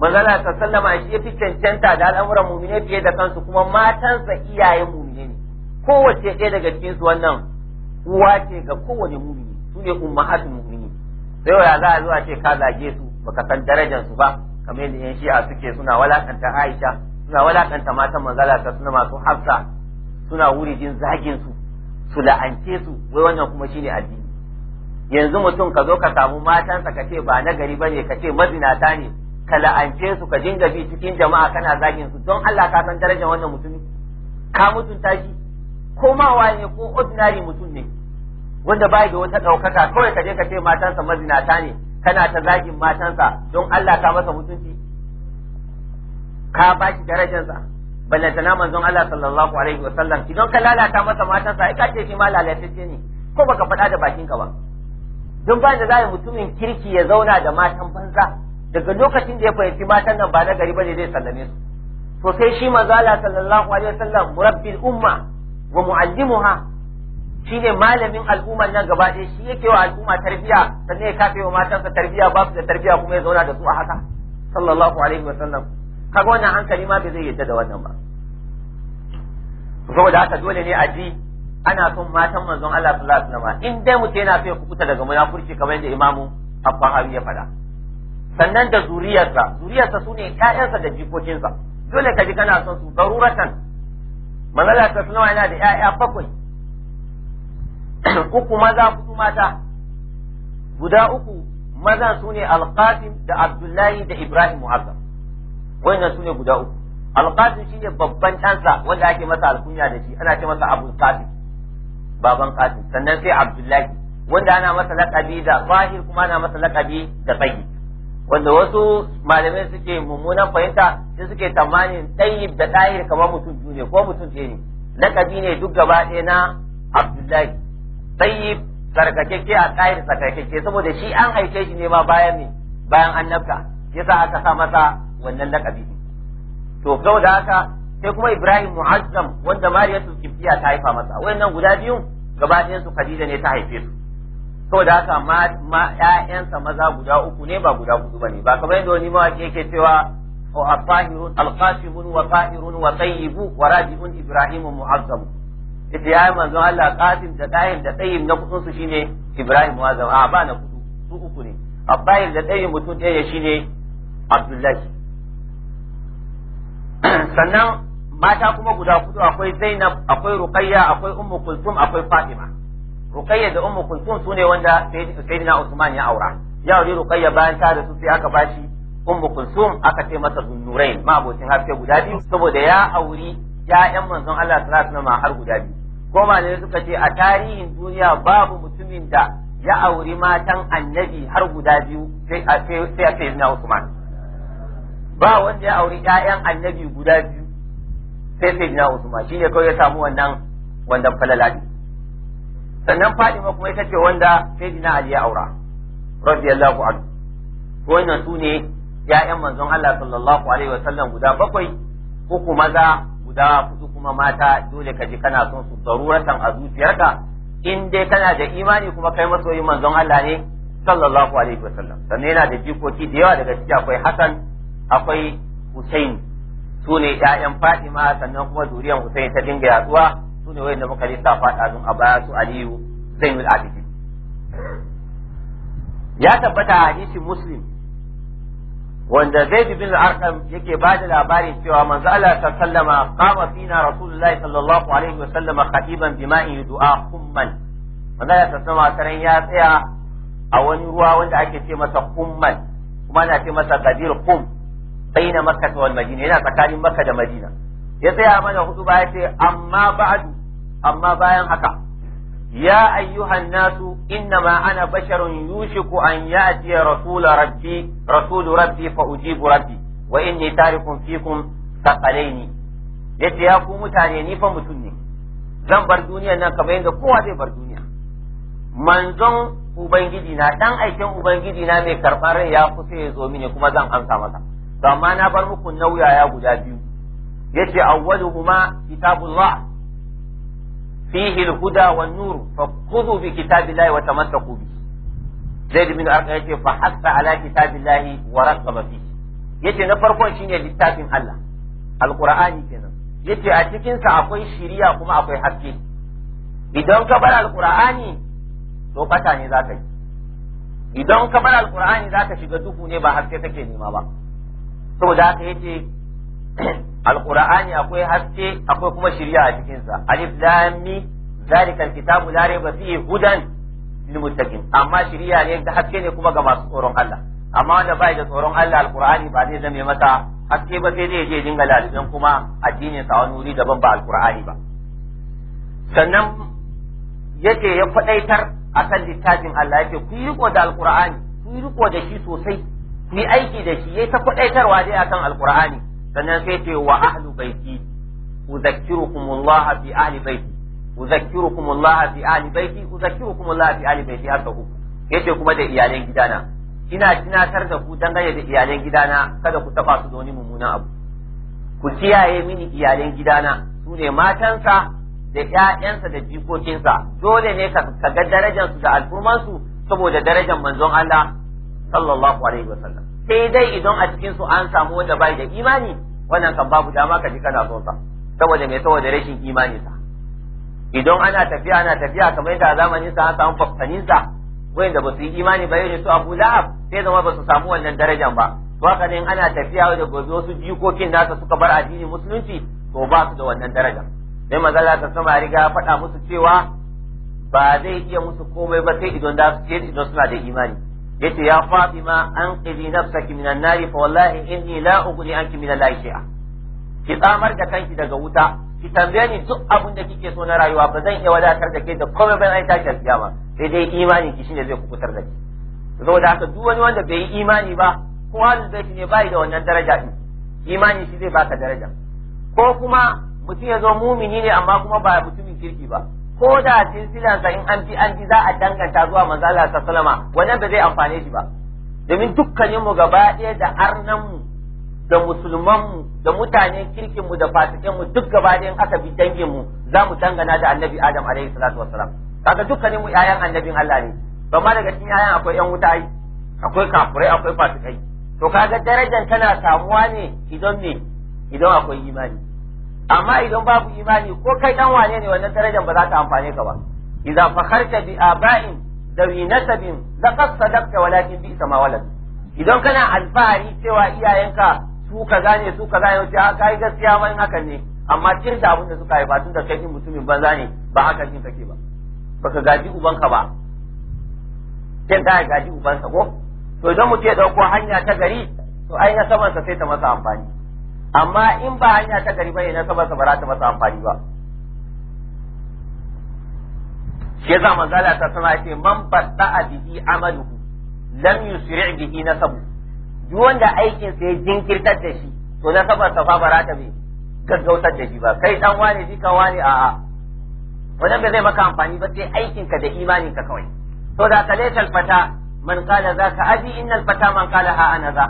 manzala ta sallama shi ya fi cancanta da al'amuran mu'mine fiye da kansu kuma matansa iyayen mu'mine ne kowace ɗaya daga cikin wannan uwa ce ga kowane mu'mini ne ummahatul mu'minin sai waya za a zo a ce ka zage su baka san darajar su ba kamar yadda yan shi'a suke suna walakanta Aisha suna walakanta matan manzala ta suna masu hafsa suna wurijin zagin su su la'ance su wai wannan kuma shine addini yanzu mutum ka zo ka samu matansa ka ce ba gari bane ka ce mazinata ne ka la'ance su ka dinga bi cikin jama'a kana zagin su don Allah ka san darajar wannan mutumin ka mutunta shi ko ma waye ko ordinary mutum ne wanda ba ga wata ɗaukaka kawai ka je ka ce matansa mazinata ne kana ta zagin matansa don Allah ka masa mutunci ka ba shi darajarsa ballantana manzon Allah sallallahu alaihi wa sallam idan ka lalata masa matansa ai ka ce shi ma lalatacce ne ko baka faɗa da bakinka ba don ba da zai mutumin kirki ya zauna da matan banza daga lokacin da ya fahimci matan nan ba na gari bane zai sallame su to sai shi manzo Allah sallallahu alaihi wa sallam murabbil umma wa muallimuha Shi ne malamin al'ummar nan gaba ɗaya shi yake wa al'umma tarbiya sannan ya kafe wa matansa tarbiya ba su da tarbiya kuma ya zauna da su a haka sallallahu alaihi wasallam kaga wannan hankali ma bai zai yadda da wannan ba saboda haka dole ne a ji ana son matan manzon Allah sallallahu alaihi wasallam in dai mutum yana so ya kubuta daga munafurci kamar yadda imamu abban hawi ya faɗa sannan da zuriyarsa zuriyarsa ne ƴaƴansa da jikokinsa dole ka ji kana son su daruratan manzon Allah sallallahu alaihi wasallam yana da ƴaƴa bakwai [coughs] uku maza hudu mata guda uku maza su ne alƙasim da abdullahi da ibrahim muhammad wannan su ne guda uku alƙasim shine babban ɗansa wanda ake masa alkunya da shi ana ce masa abu qasim baban qasim sannan sai abdullahi wanda ana masa laƙabi da zahir kuma ana masa laƙabi da tsayi wanda wasu malamai suke mummunan fahimta sai suke tamanin tsayi da tsahir kamar mutum biyu ne ko mutum ɗaya ne laƙabi ne duk gaba ɗaya na abdullahi tayyib sarkakeke a tsayir sarkakeke saboda shi an haife shi ne ma bayan ne bayan annabta yasa aka sa masa wannan lakabi to gau da haka sai kuma Ibrahim Mu'azzam wanda Mariyatu Kibtiya ta haifa masa wayannan guda biyun gaba ɗayan su Khadija ne ta haife su saboda haka ma ƴaƴansa maza guda uku ne ba guda hudu bane ba kamar yadda wani mawaki yake cewa wa al-qasibun wa tahirun wa tayyibu wa rabi'un Ibrahim Mu'azzam ita ya manzo Allah qasim da qayyim da qayyim na kudin su shine ibrahim wa zama a ba na kudu su uku ne abbayin da qayyim mutum ɗaya shine abdullahi [clears throat] sannan mata kuma guda kudu akwai zainab akwai ruqayya akwai ummu kulsum akwai fatima ruqayya da ummu kulsum sune wanda sai na usman ya aura ya wuri ruqayya bayan ta da su sai aka bashi ummu kulsum aka ce masa dunnurain ma abokin haske guda biyu saboda ya auri ya'yan manzon Allah sallallahu alaihi wasallam har guda biyu ko malamai suka ce a tarihin duniya babu mutumin da ya auri matan annabi har guda biyu sai a sai na Usman ba wanda ya auri ƴaƴan annabi guda biyu sai sai na Usman shine kawai ya samu wannan wannan falaladi sannan Fatima kuma ita ce wanda na Ali ya aura radiyallahu anhu wannan su ne ƴaƴan manzon Allah sallallahu alaihi wasallam guda bakwai uku maza guda hudu kuma mata dole ka ji kana son su daruratan a zuciyarka in dai kana da imani kuma kai masoyin manzon Allah ne sallallahu alaihi wasallam sannan yana da jikoki da yawa daga ciki akwai Hassan akwai Hussein su ne ƴaƴan Fatima sannan kuma zuriyar Hussein ta dinga yaduwa su ne wayanda muka lissa ɗazun a baya su Aliyu Zainul Abidin ya tabbata a hadisin Muslim wanda bi bin al-arqam yake bada labari cewa manzo Allah ta sallama qama fina rasulullahi sallallahu alaihi wa sallama khatiban bima'in du'a kumman manzo Allah ta sallama taran ya tsaya a wani ruwa wanda ake ce masa kumman kuma ana ce masa gadir kum baina makka wal madina yana tsakanin makka da madina ya tsaya mana hudu ba ya ce amma ba'du amma bayan haka يا أيها الناس إنما أنا بشر يوشك أن يأتي رسول ربي رسول ربي فأجيب ربي وإني تارك فيكم ثقلين yace ya ku mutane ni fa mutum ne zan bar duniya nan kamar yadda kowa zai bar duniya manzon ubangiji na dan aikin ubangiji na mai karɓar rai ya kusa ya zo mini kuma zan amsa masa to amma na bar muku nauyaya guda biyu yace awwaluhuma kitabullah fihi al-huda wan nur fakhudhu bi kitabillahi wa tamassaku bi zaid bin arqa yace fa hatta ala kitabillahi wa raqaba fi yace na farkon shine littafin Allah alqur'ani kenan yace a cikin akwai shiriya kuma akwai haske idan ka bar alqur'ani to bata za ka idan ka bar za ka shiga duhu ne ba haske kake nema ba saboda haka alqur'ani akwai haske akwai kuma shiriya a cikin sa alif lam mim zalikal kitabu la rayba fihi hudan lil muttaqin amma shirya ne da haske ne kuma ga masu tsoron Allah amma wanda bai da tsoron Allah alqur'ani ba zai zame masa haske ba sai dai je dinga laliban kuma addinin sa wani wuri daban ba alqur'ani ba sannan yace ya a akan littafin Allah yace ku yi riko da alqur'ani ku yi riko da shi sosai ku yi aiki da shi yayi ta kwadaitarwa dai akan alqur'ani sannan sai ce wa ahlu baiti uzakkirukum Allah fi ahli baiti uzakkirukum Allah fi ahli baiti uzakkirukum Allah fi ahli baiti haka ku yace kuma da iyalan gidana ina tunatar da ku dangane da iyalan gidana kada ku taba su da wani mummunan abu ku kiyaye mini iyalan gidana su ne matansa da ƴaƴansa da jikokinsa dole ne ka ga darajarsu da al'ummarsu saboda darajar manzon Allah sallallahu alaihi wasallam sai dai idan a cikin su an samu wanda bai da imani wannan kan babu dama ka ji kana son sa saboda mai saboda rashin imani sa idan ana tafiya ana tafiya kamar yadda a zamanin sa an samu fafanin sa wanda ba su yi imani ba irin su Abu Lahab sai zama ba su samu wannan darajan ba to haka ne ana tafiya da gobe wasu jikokin nasa suka bar addinin musulunci to ba su da wannan darajar sai manzala ta sama riga faɗa musu cewa ba zai iya musu komai ba sai idan da su ce idan suna da imani yace ya fatima anqidhi nafsaki minan nari fa wallahi inni la ughni anki min allahi shay'a ki tsamar da kanki daga wuta ki tambaye ni duk abin da kike so na rayuwa ba zan iya wadatar da ke da komai ban ai tashi ba sai dai imani ki shine zai kukutar da ki da haka duk wani wanda bai yi imani ba ko halin zai ne bai da wannan daraja din imani shi zai baka daraja ko kuma mutum ya zo mumini ne amma kuma ba mutumin kirki ba ko da silsilansa in an fi an fi za a danganta zuwa manzo Allah salama wannan ba zai amfane shi ba domin dukkanin mu gaba ɗaya da arnan mu da musulman mu da mutane kirkin mu da fasikin mu duk gaba ɗaya aka bi dangin mu za mu dangana da annabi Adam alaihi salatu wassalam kaga dukkanin mu ƴaƴan annabin Allah ne ba ma daga cikin ƴaƴan akwai ƴan wuta ai akwai kafurai akwai fasikai to kaga darajar tana samuwa ne idan ne idan akwai imani amma idan babu imani ko kai dan wane ne wannan darajar ba za ta amfane ka ba idza fakharta bi aba'in dawi nasabin laqad sadaqta walakin bi sama walad idan kana alfahari cewa iyayenka su kaza ne su kaza ne sai kai yi gaskiya ma in hakan ne amma cin da abin da suka ba tun da kai mutumin banza ne ba hakan kin kake ba baka gaji ubanka ba kin ka gaji ubansa ko to idan mutum ya dauko hanya ta gari to ai na saman sa sai ta masa amfani amma in ba hanya ta gari bane na sabara ta masa amfani ba shi za manzala ta sama ce man batta bihi amaluhu lam yusri' bihi nasabu duk wanda aikin sa ya jinkirtar da shi to na sabar safa ta bi gaggautar da shi ba kai dan wani jika wani a'a wannan ba zai maka amfani ba sai aikin ka da imanin ka kawai to da kalatal fata man qala zaka abi innal fata man qala ha ana za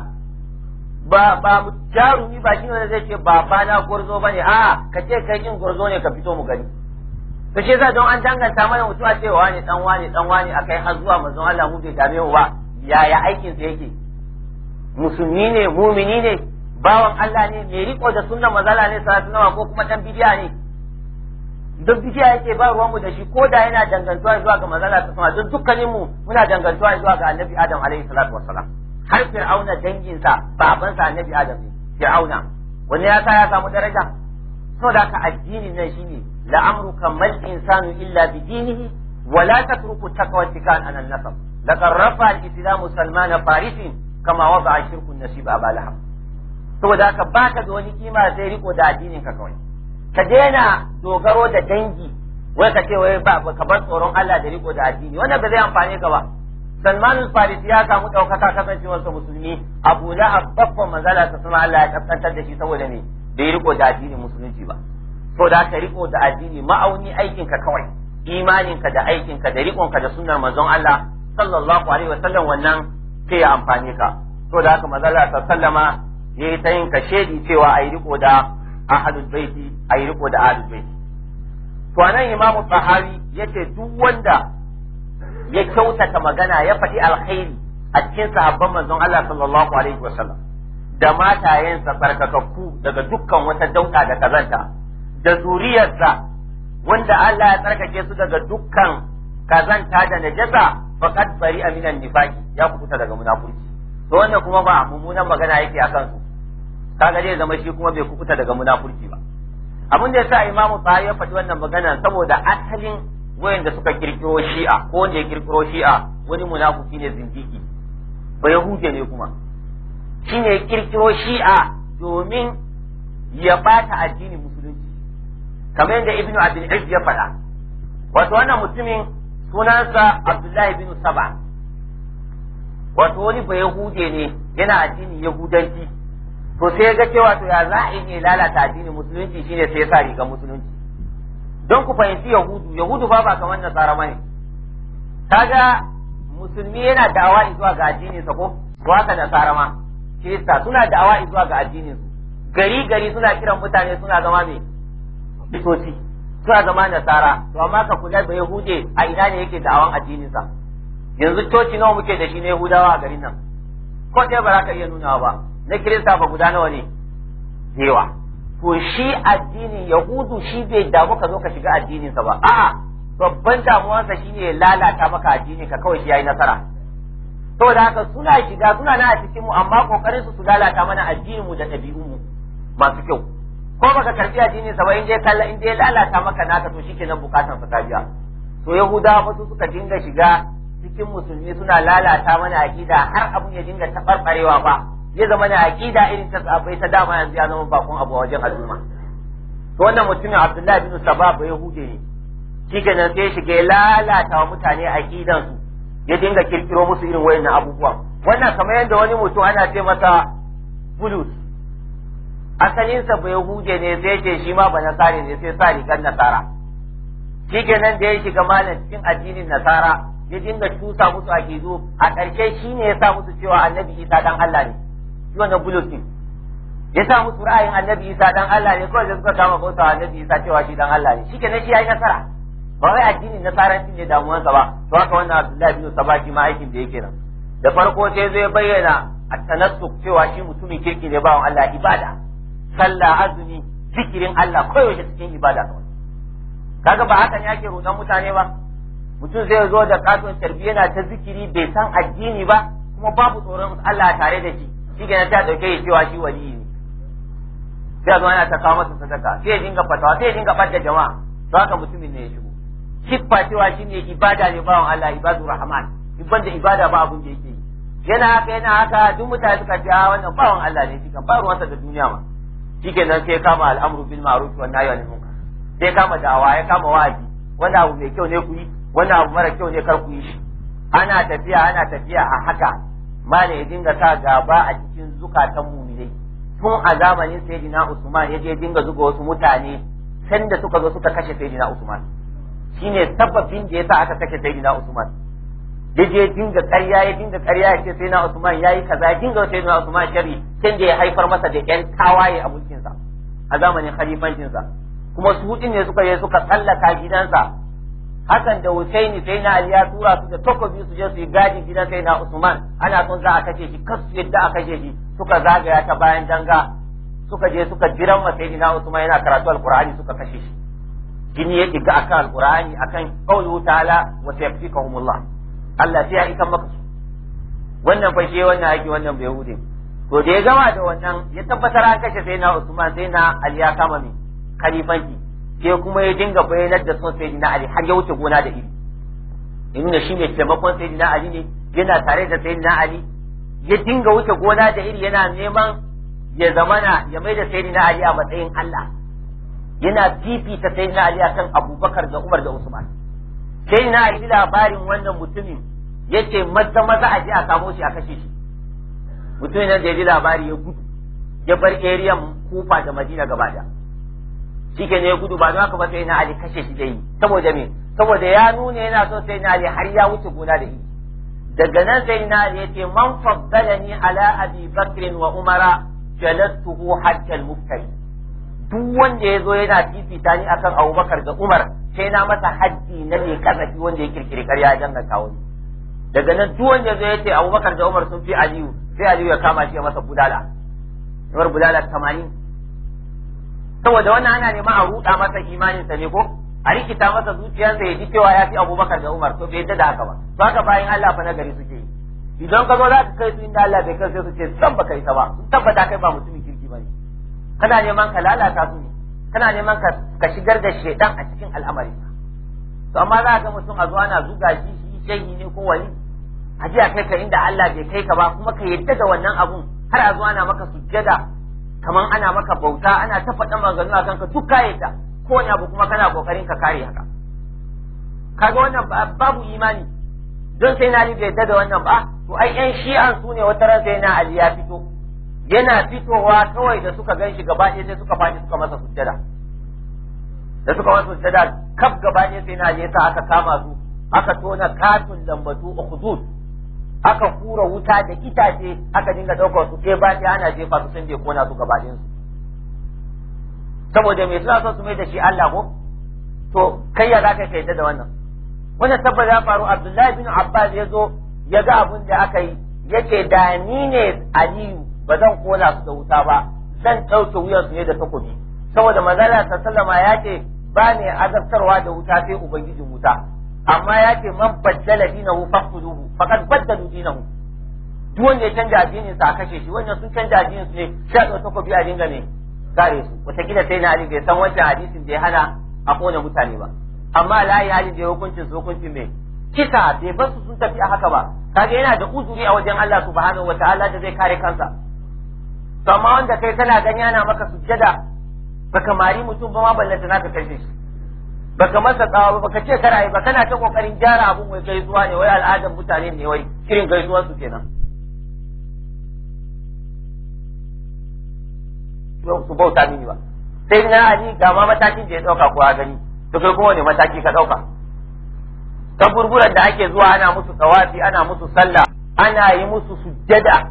ba ba jarumi ba shi ne zai ce ba ba na gurzo bane a ka ce kai kin gurzo ne ka fito mu gani to shi yasa don an danganta mana mutum a ce ne dan wani dan wani akai har zuwa manzon Allah mu bai dame ya ya aikin sa yake musulmi ne mumini ne bawan Allah ne mai riko da sunnar mazala ne sallallahu alaihi ko kuma dan bidiya ne duk bidiya yake ba ruwan mu da shi ko da yana dangantuwa zuwa ga mazala ta sama duk dukkanin mu muna dangantuwa zuwa ga annabi Adam alaihi salatu wassalam har fir'auna danginsa babansa annabi adam ne fir'auna wani ya sa ya samu daraja so da ka addini nan shine la'amruka kamar insanu illa bi dinihi wa la tatruku taqwa tikan an an-nasab laqad rafa al-islam salman farisin kama wada shirku an-nasib abalaha saboda ka baka da wani kima sai riko da addinin ka kawai ka daina dogaro da dangi wai ka ce wai ba ka bar tsoron Allah da riko da addini wannan ba zai amfane ka ba salman farisi ya samu ɗaukaka kasancewarsa musulmi abu lahab babban manzala ta suna Allah ya kaskantar da shi saboda ne bai riko da addinin musulunci ba to da ka riko da addini ma'auni aikinka kawai imaninka da aikinka da rikonka da sunnar manzon Allah sallallahu alaihi wa sallam wannan ke ya amfani ka to da haka manzala ta sallama yayi ta yin kashedi cewa ai riko da ahlul baiti ai riko da ahlul baiti to anan imamu sahabi yace duk wanda ya kyautata magana ya faɗi alkhairi a cikin sahabban manzon Allah sallallahu alaihi wa sallam da matayensa barkakakku daga dukkan wata dauka da kazanta da zuriyarsa wanda Allah ya tsarkake su daga dukkan kazanta da najasa faqad bari aminan nifaqi ya kubuta daga munafurci to wannan kuma ba mummunan magana yake akan su kaga zai zama shi kuma bai kubuta daga munafurci ba abin da yasa imamu sahabi ya faɗi wannan magana saboda asalin wayanda suka kirkiro shi'a ko wanda ya kirkiro shi'a wani munafiki ne zindiki ba yahudiya ne kuma shi ne kirkiro shi'a domin ya bata addinin musulunci kamar yadda ibnu abdul aziz ya faɗa wato wannan mutumin sunansa abdullahi ibn saba wato wani ba yahudiya ne yana addinin yahudanci to sai ya ga cewa to ya za a iya lalata addinin musulunci shine sai ya sa riga musulunci don ku fahimci yahudu yahudu ba ba kamar nasara bane kaga musulmi yana da'awa zuwa ga addinin sa ko to haka nasara ma kirista suna da'awa zuwa ga addinin su gari gari suna kiran mutane suna zama me bitoci suna zama nasara to amma ka kula da yahude a ina ne yake da'awan addinin sa yanzu coci nawa muke da shi na yahudawa a garin nan ko dai ba za ka iya nunawa ba na kirista ba guda nawa ne yawa to shi addinin yahudu shi bai damu ka zo ka shiga addininsa ba a babban damuwarsa shine ya lalata maka addini ka kawai shi yayi nasara saboda haka suna shiga suna na a cikin amma kokarin su su lalata mana addinin mu da ɗabi'unmu mu masu kyau ko baka karbi addinin sa ba in dai kalla in dai lalata maka naka to shikenan bukatan sa tabiya to yahudawa fa suka dinga shiga cikin musulmi suna lalata mana aqida har abun ya dinga tabarbarewa ba ya zama na aqida irin ta sahabbai ta dama yanzu ya zama bakon abu a wajen al'umma to wannan mutumin Abdullahi bin sabab ya Yahudi ne shi nan sai shiga lalata wa mutane aqidan su ya dinga kirkiro musu irin wayannan abubuwa wannan kamar yadda wani mutum ana ce masa bulus asalinsa bai ne sai ce shi ma ba nasare ne sai sa rigar nasara shi kenan da ya shiga malam cikin addinin nasara ya dinga cusa musu aqidu a ƙarshe shi ne ya sa musu cewa annabi isa dan Allah ne shi wannan bulus din ya sa musu ra'ayin annabi isa dan Allah ne kawai da suka kama sa annabi isa cewa shi dan Allah ne shi kenan shi yayi nasara ba wai na nasaranci ne sa ba to haka wannan Abdullah bin Sabaki ma aikin da yake nan da farko sai zai bayyana a tanassuk cewa shi mutumin kirki ne bawan Allah ibada sallah azumi zikirin Allah koyaushe cikin ibada kawai kaga ba haka ne ake roƙon mutane ba mutum zai zo da katon tarbiyya na ta zikiri bai san addini ba kuma babu tsoron Allah tare da shi shi kenan ta dauke shi cewa shi wali ne sai zo yana ta kawo masa sadaka sai ya dinga fatawa sai ya dinga bada jama'a to haka mutumin ne ya shigo siffa cewa shi ne ibada ne bawan Allah ibadu rahman ibban da ibada ba abun da yake yi yana haka yana haka duk mutane suka ce a ah, wannan bawan Allah ne shi kan ba ruwansa da duniya ma shi kenan sai kama al'amru bil ma'ruf wa nahyi anil munkar sai kama da'awa ya kama wa'azi wannan abu mai kyau ne ku yi wannan abu mara kyau ne kar ku yi shi ana tafiya ana tafiya a haka malam ya dinga sa gaba a cikin zukatan muminai tun a zamanin sayyidina usman ya je dinga zuga wasu mutane sanda suka zo suka kashe sayyidina usman shine sababin da yasa aka kashe sayyidina usman ya je dinga ƙarya ya dinga ƙarya ya ce sayyidina usman yayi kaza ya dinga sayyidina usman sharri sanda ya haifar masa da yan tawaye a mulkinsa a zamanin sa kuma su ne suka je suka tsallaka gidansa Hassan da Husaini sai na Ali ya tura su da takobi su je su yi gadi gidan sai na Usman ana son za a kashe shi kas su yadda a kashe shi suka zagaya ta bayan danga suka je suka jiran ma sai na Usman yana karatu alqur'ani suka kashe shi jini ya diga akan alqur'ani akan qawlu ta'ala wa sayfikahumullah Allah sai ya ikan maka wannan fa shi wannan aiki wannan bai hude to da ya gama da wannan ya tabbatar an kashe sai na Usman sai na Ali ya kama mai khalifanci ke kuma ya dinga bayanar da son sayyidina ali har ya wuce gona da iri ne shi mai taimakon sayyidina ali ne yana tare da sayyidina ali ya dinga wuce gona da iri yana neman ya zamana ya mai da sayyidina ali a matsayin Allah yana fifita sayyidina ali akan Abubakar da Umar da Usman sayyidina ali labarin wannan mutumin yace maza maza a je a samo shi a kashe shi mutumin da ya ji labari ya gudu ya bar area kufa da Madina gaba daya shike ne ya gudu ba don kuma ba sai na ali kashe shi da yi saboda me saboda ya nuna yana so sai na ali har ya wuce gona da shi daga nan sai na ali yace man faddalani ala abi bakr wa umara jalastuhu hatta al-muftari duk wanda ya zo yana fifita ni akan abubakar da umar sai na masa haddi na mai kasafi wanda ya kirkiri karya a janna kawo daga nan duk wanda ya zo ya ce abubakar da umar sun fi aliyu sai aliyu ya kama shi ya masa bulala kamar bulala tamanin saboda wannan ana nema a ruɗa masa imaninsa ne ko a rikita masa zuciyarsa ya ji cewa ya fi abubakar da umar to bai yadda da haka ba to haka bayan Allah fa nagari suke yi idan ka zo za ka kai su inda Allah bai kai sai su ce san ba kai ta ba sun tabbata kai ba mutumin kirki ba ne kana neman ka lalata su ne kana neman ka shigar da shaidan a cikin al'amari to amma za ka ga mutum a zo ana zuga shi shi shehi ne ko wani a ji a kai ka inda Allah bai kai ka ba kuma ka yadda da wannan abun har a zo ana maka sujjada kaman ana maka bauta ana ta faɗa maganganu a kanka duk kaye ta ko ne abu kuma kana kokarin ka kare haka kaga wannan babu imani don sai na ali ta da wannan ba to ai yan shi'an su ne wata ran sai na ali fito yana fitowa kawai da suka ganshi gaba ɗaya sai suka faɗi suka masa sujjada da suka masa sujjada kaf gaba ɗaya sai na ali ya aka kama su aka tona kafin lambatu ukhudud aka hura wuta da itace aka dinga ɗaukar su sai ba ta ana jefa su sun je kona su gaba su saboda me suna so su mai da shi Allah ko to kai ya zaka kai da wannan wannan tabbata ya faru Abdullahi bin Abbas ya zo ya ga abin da aka yi yake da ni ne Aliyu ba zan kona su da wuta ba zan ɗauke wuyan su ne da takobi saboda manzala ta sallama ya ba ne azabtarwa da wuta sai ubangijin wuta amma ya ce man baddala dinahu fakhudhu faqad baddalu dinahu duk wanda ya canja addinin sa kashe shi wannan sun canja addinin su ne sai a ɗauko biya dinga ne kare su kila sai na ali bai san wancan hadisin da ya hana a kona mutane ba amma layi hali da hukuncin su hukuncin mai kisa bai bar su sun tafi a haka ba kaga yana da uzuri a wajen Allah subhanahu wataala da zai kare kansa to amma wanda kai tana gani ana maka sujjada baka mari mutum ba ma ballanta naka kai shi baka masa tsawa ba baka ce kana yi ba kana ta kokarin gyara abun wai gaisuwa ne wai al'adar mutane ne wai kirin gaisuwa su kenan ku bauta mini ba sai na ali ga ma matakin da ya dauka ko a gani to kai kowane mataki ka dauka burburan da ake zuwa ana musu tawafi ana musu sallah ana yi musu sujjada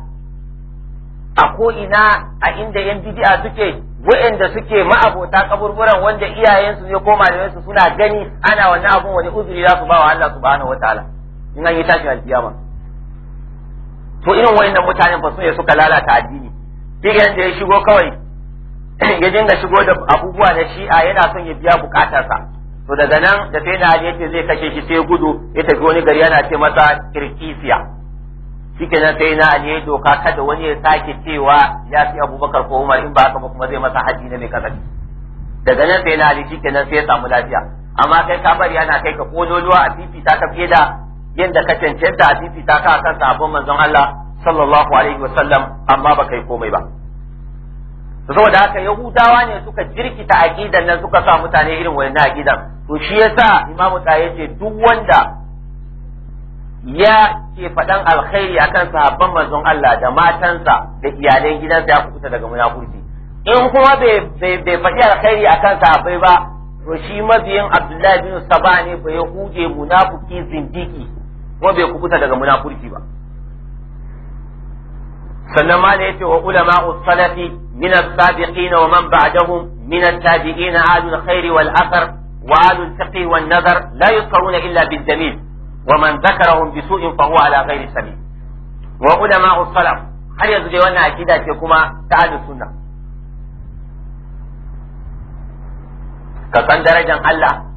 a ko ina a inda yan bid'a suke wa'anda suke ma'abota kaburburan wanda iyayensu ne ko su suna gani ana wannan abun wani uzuri za su ba wa Allah subhanahu wataala in an yi tashin alkiyama to irin wa'annan mutanen fa sune suka lalata addini digan da ya shigo kawai [clears throat] ya dinga shigo da abubuwa na shi'a yana son ya biya bukatarsa to daga nan da sai na yace zai kashe shi sai gudu ya tafi wani gari yana ce masa kirkisiya nan sai na ali doka kada wani ya sake cewa ya fi abubakar ko umar in ba haka ba kuma zai masa haji na mai kasafi daga nan sai na ali nan sai ya samu lafiya amma kai ka bari ana kai ka kololuwa a ta ka fiye da yadda ka cancanta a fifita ka kan sabon manzon Allah sallallahu alaihi wa sallam. amma ba kai komai ba saboda haka yahudawa ne suka jirkita aqidan nan suka sa mutane irin wannan aqidan to shi yasa imamu ta yace duk wanda ya ke faɗan alkhairi akan sahabban manzon Allah da matansa da iyalan gidansa ya kusa daga munafurci in kuma bai faɗi alkhairi akan sahabbai ba to shi mabiyin Abdullahi bin Saba ne ba ya huje munafiki zindiki kuma bai kusa daga munafurci ba sannan ma ne yace wa ulama salafi min as sabiqina wa man ba'dahum min at tabiina ahlul khairi wal athar wa ahlul fiqh wan nazar la yusaruna illa bil jamil ومن ذكرهم بسوء فهو على غير سبيل وعلماء السلف har yanzu dai wannan akida ce kuma ta ahlus sunna ka san darajar Allah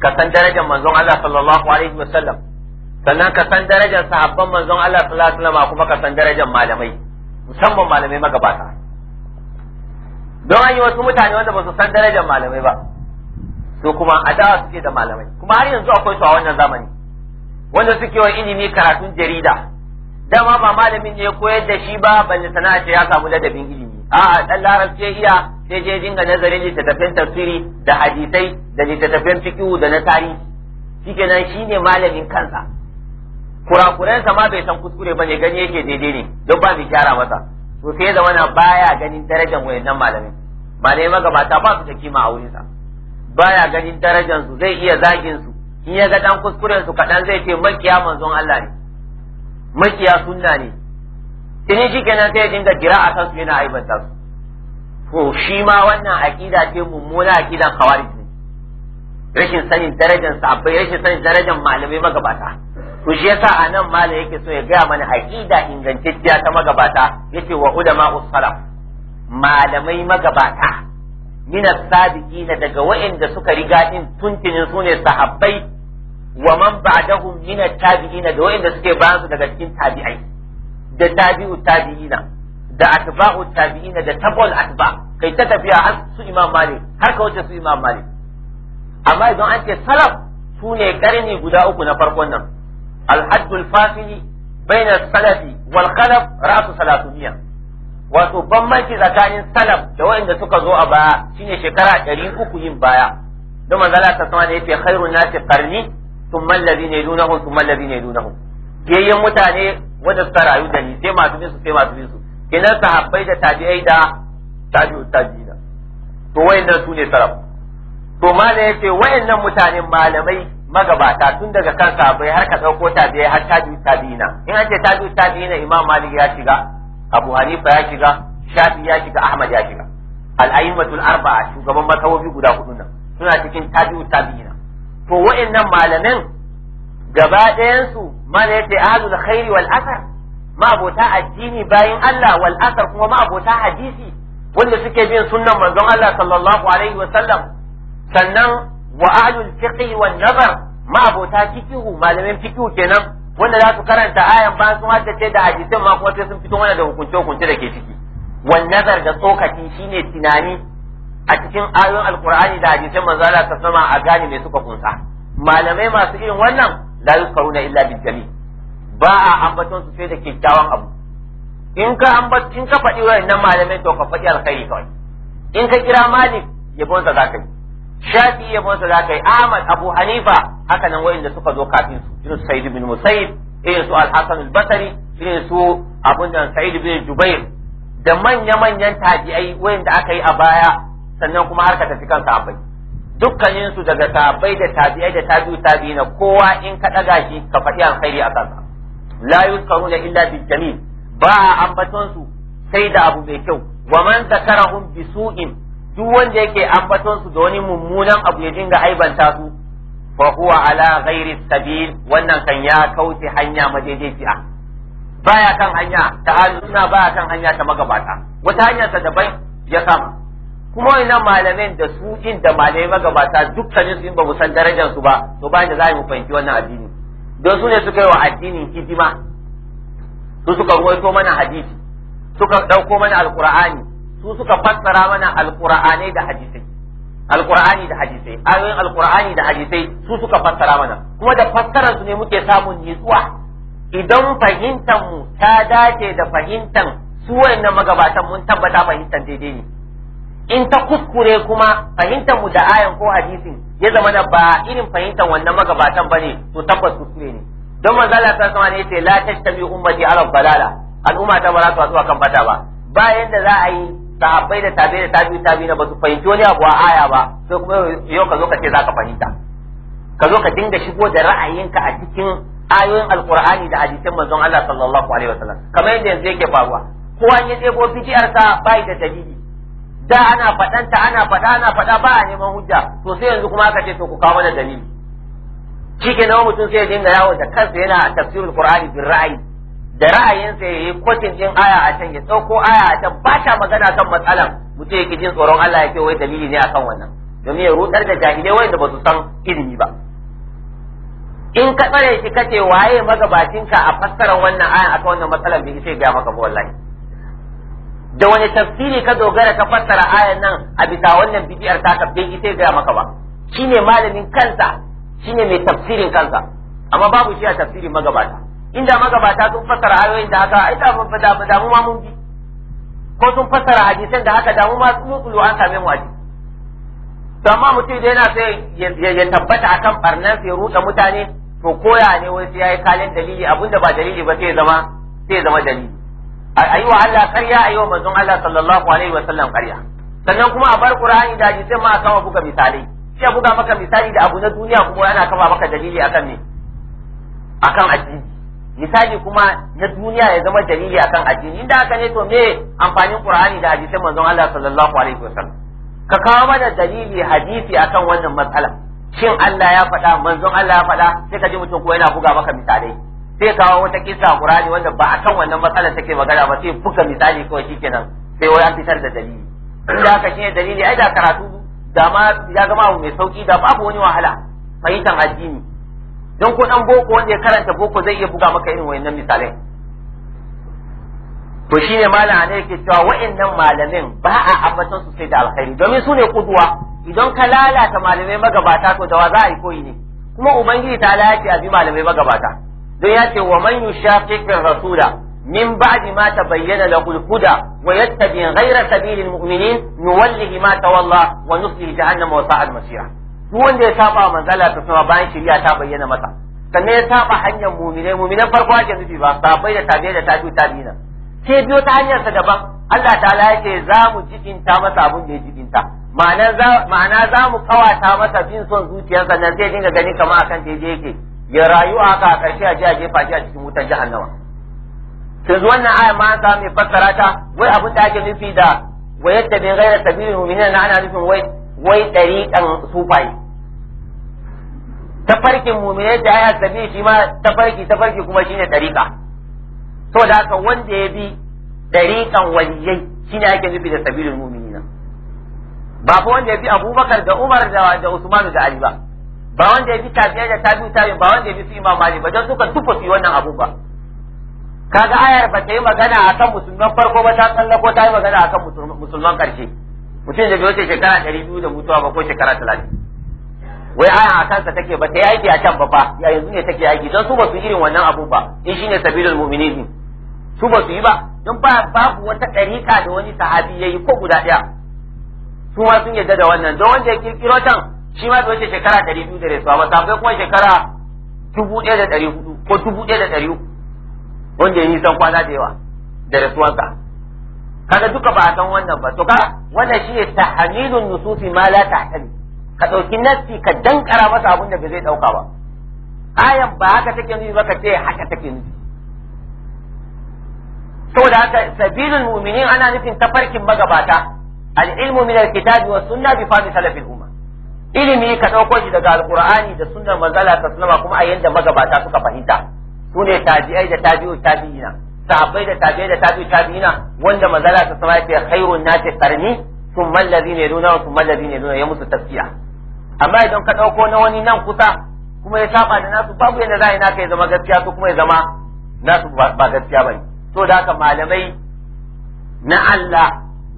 ka san darajar manzon Allah sallallahu alaihi sallam, sannan ka san darajar sahabban manzon Allah sallallahu alaihi wasallam kuma ka san darajar malamai musamman malamai magabata don an yi wasu mutane wanda ba su san darajar malamai ba su kuma adawa suke da malamai kuma har yanzu akwai su a wannan zamani wanda suke wa ilimi karatun jarida dama ba malamin ne ya koyar da shi ba balle sana'a ce ya samu ladabin ilimi a dan larabce iya sai je dinga nazarin littattafan tafsiri da hadisai da littattafan fiqh da na tarihi shikenan shine malamin kansa sa ma bai san kuskure ba ne gani yake daidai ne don ba mai gyara masa to sai wani baya ganin darajar wayannan malamin malamai magabata ba su da kima a wurinsa baya ganin darajar su zai iya zagin su in ya ga dan kuskuren su kaɗan zai ce makiya manzon Allah ne makiya sunna ne tuni shi kenan sai ya dinga jira a kansu yana aibanta su to shi ma wannan aƙida ce mummuna aƙidan khawarij ne rashin sanin darajar sabbai rashin sanin darajar malamai magabata to shi yasa anan malam yake so ya gaya mana aqida ingantacciya ta magabata yace wa ulama usala malamai magabata min as daga waɗanda suka riga din tuntunin sune sahabbai wa man ba'dahum min at-tabi'ina da wanda suke bayan su daga cikin tabi'ai da tabi'u tabi'ina da atba'u tabi'ina da tabul atba kai ta tafiya har su imam malik har ka wuce su imam malik amma idan an ce salaf su ne karni guda uku na farkon nan al-haddul fasili bayna salafi wal khalaf ra'su salatuniya wato bambanci tsakanin salaf da waɗanda suka zo a baya shine shekara ɗari uku yin baya don manzala ta sama da yace khairun nasi qarni thumma alladhina yadunahum thumma alladhina yadunahum yayyan mutane wanda suka rayu da ni sai masu bin su sai masu bin su kenan sahabbai da tabi'ai da tabi'u tabi'ina to wayannan su ne sarrafa to ma da yace wayannan mutane malamai magabata tun daga kan sahabbai har ka dauko tabi'ai har tabi'u tabi'ina in an ce tabi'u tabi'ina imam malik ya shiga abu hanifa ya shiga shafi ya shiga ahmad ya shiga al-a'immatul arba'a shugaban makawabi guda hudu nan suna cikin tabi'u tabi'ina to wa'annan malamin gaba ɗayansu mana yace ahlul khairi wal asar ma'abota addini bayin Allah wal asar kuma ma'abota hadisi wanda suke bin sunnan manzon Allah sallallahu alaihi wa sallam sannan wa ahlul fiqh wal nazar ma'abota fiqhu malamin fiqhu kenan wanda za su karanta ayan ba sun da hadisin ma kuma sai sun fito mana da hukunce hukunce da ke ciki wal nazar da tsokaci shine tunani a cikin ayoyin alkur'ani da hadisai manzo Allah ta sama a gane me suka kunsa malamai masu irin wannan la yuskaruna illa bil jami ba a ambaton su sai da kyakkyawan abu in ka ambat in ka faɗi wannan malamai to ka faɗi alkhairi kawai in ka kira malik yabon za zaka shafi yabon za zaka ahmad abu hanifa haka nan wayanda suka zo kafin su irin sayyid bin musayyib irin su al-hasan al-basri irin su abun nan sayyid bin jubair da manya-manyan tabi'ai wayanda aka yi a baya sannan kuma har ka tafi kan sahabbai dukkanin su daga sahabbai da tabi'ai da tabi'u na kowa in ka daga shi ka faɗi alkhairi a kansa la la illa bil jamil ba ambaton su sai da abu mai kyau wa man zakarahum bi su'in duk wanda yake ambaton su da wani mummunan abu ya dinga aibanta su fa huwa ala ghairi sabil wannan kan ya kauce hanya madaidaiciya baya kan hanya ta baya kan hanya ta magabata wata hanyar ta daban ya kama kuma wannan malamin da su in da malamai magabata dukkanin su in ba mu san darajar su ba to bayan da za mu fahimci wannan addini don su ne suka yi wa addinin hidima su suka ruwaito mana hadisi suka dauko mana alqur'ani su suka fassara mana alqur'ani da hadisai alqur'ani da hadisai ayoyin alqur'ani da hadisai su suka fassara mana kuma da fassarar su ne muke samun nitsuwa idan fahimtar mu ta dace da fahimtan su wayannan magabatan mun tabbata fahimtar daidai ne in ta kuskure kuma fahimtar mu da ayan ko hadisin ya zama na ba irin fahimtar wannan magabatan bane to tabbas kuskure ne don manzo Allah ta sama ne yace la tashtabi ummati ala balala al'umma ta bara zuwa kan bata ba bayan da za a yi sahabbai da tabi da tabi tabi na ba su fahimci wani abu a aya ba sai kuma yau ka zo ka ce za ka fahimta ka zo ka dinga shigo da ra'ayinka a cikin ayoyin alqur'ani da hadisin manzon Allah sallallahu alaihi wasallam kamar yadda yanzu yake faruwa kowa ya debo ɗebo sa bai da dalili da ana faɗanta ana faɗa ana faɗa ba a neman hujja to sai yanzu kuma aka ce to ku kawo mana dalili ke nawa mutum sai ya dinga yawo da kansa yana tafsirul qur'ani bil ra'ayi da ra'ayinsa yayi kwatin din aya a can ya dauko aya a can ba ta magana kan matsalan mutum yake jin tsoron Allah ya yake wai dalili ne akan wannan domin ya rutar da jahilai wanda ba su san ilimi ba in ka tsare shi kace waye magabacinka a fassara wannan aya akan wannan matsalan bai sai ga maka ba wallahi da wani tafsiri ka dogara ka fassara ayan nan a bisa wannan bidiyar ka bai ita ga maka ba shine malamin kansa shine mai tafsirin kansa amma babu shi a tafsirin magabata inda magabata sun fassara ayoyin da haka ai da mu ma mun bi ko sun fassara hadisan da haka damu ma tsulu an same mu aji to amma mutum da yana sai ya tabbata akan barnan sai ruɗa mutane to koya ne wai sai yayi kalin dalili abinda ba dalili ba sai zama sai zama dalili a yi wa Allah ƙarya a yi wa manzon Allah sallallahu alaihi wa sallam ƙarya sannan kuma a bar Qur'ani da hadisi ma kawo buga misalai sai buga maka misali da abu na duniya kuma ana kama maka dalili akan me akan addini misali kuma na duniya ya zama dalili akan addini inda aka ne to me amfanin qur'ani da hadisin manzon Allah sallallahu alaihi wa sallam. ka kawo mana dalili hadisi akan wannan matsala shin Allah ya faɗa manzon Allah ya faɗa sai ka ji mutum ko yana buga maka misalai sai kawo wata kisa kurani wanda ba a kan wannan matsalar take magana ba sai buga misali kawai nan sai wai an fitar da dalili inda haka shine dalili ai da karatu da ma ya zama mai sauki da babu wani wahala fahimtar addini don ko dan boko wanda ya karanta boko zai iya buga maka irin wayannan misalai to shine malam ne yake cewa wayannan malamin ba a ambaton su sai da alkhairi domin su ne kuduwa idan ka lalata malamai magabata to da wa za a yi koyi ne kuma ubangiji ta lalace a bi malamai magabata don ya ce wa man yushaqiqir rasula min ba'di ma tabayyana lahu al-huda wa yattabi ghayra sabilil mu'minin nuwallihi ma tawalla wa nuslihi jahannam wa sa'at masira duk wanda ya saba manzala ta sama bayan shari'a ta bayyana masa sannan ya saba hanyar mumine muminan farko ake nufi ba sabai da tabi'ai da tabi'u tabi'ina sai biyo ta hanyar sa daban Allah ta'ala yake za mu jikinta masa abin da ya jikinta ma'ana za mu kawata masa bin son zuciyarsa nan zai dinga gani kamar akan da yake ya rayu a ka a ƙarshe a je a jefa shi a cikin wutan jahannama yanzu wannan aya ma an samu mai fassara ta wai abin da ake nufi da wa yadda bai gaira sabilin mu'minin na ana nufin wai wai ɗariƙan sufaye tafarkin mu'minai da aya sabili shi ma tafarki tafarki kuma shine ɗariƙa da haka wanda ya bi ɗariƙan waliyai shine ake nufi da sabilin mu'minina ba fa wanda ya bi Abubakar da Umar da Usman da Ali ba ba wanda ya fi tafiya da tabi'u tabi'in ba wanda ya fi su imam malik ba don duka duk su yi wannan abu ba kaga ayar ba ta yi magana akan musulman farko ba ta ko ta yi magana akan musulman karshe mutum da bai shekara ɗari biyu da mutuwa ba ko shekara talatin wai aya a kansa take ba ta yi aiki a can ba fa ya yanzu ne take aiki don su ba su irin wannan abu ba in shine sabilul mu'minin su ba su yi ba don ba babu wata ɗariƙa da wani sahabi ya yi ko guda ɗaya su ma sun yarda da wannan don wanda ya kirkiro can shi ma bai wuce shekara ɗari biyu da rasuwa ba sahabbai kuma shekara dubu ɗaya da ɗari hudu ko dubu ɗaya da ɗari uku wanda ya yi san kwana da yawa da rasuwansa kaga duka ba a san wannan ba to ka wannan shi ne tahmilun nususi ma la tahtami ka dauki nassi ka dankara masa abin da bai zai dauka ba ayan ba haka take nufi ba ka ce haka take nufi saboda haka sabilul mu'minin ana nufin tafarkin magabata al-ilmu min al-kitabi was sunna bi fahmi salafil ilimi ka ɗauko shi daga alkur'ani da sunnar manzala ta sunama kuma a yadda magabata suka fahimta su ne tabi'ai da tabi'u tabi'ina sahabbai da tabi'ai da tabi'u tabi'ina wanda manzala ta sunama ce khairun nasi qarni thumma alladhina yaduna thumma alladhina yaduna ya musu tafsira amma idan ka ɗauko na wani nan kusa kuma ya saba da nasu babu yadda za a yi naka ya zama gaskiya su kuma ya zama nasu ba gaskiya bane to da haka malamai na Allah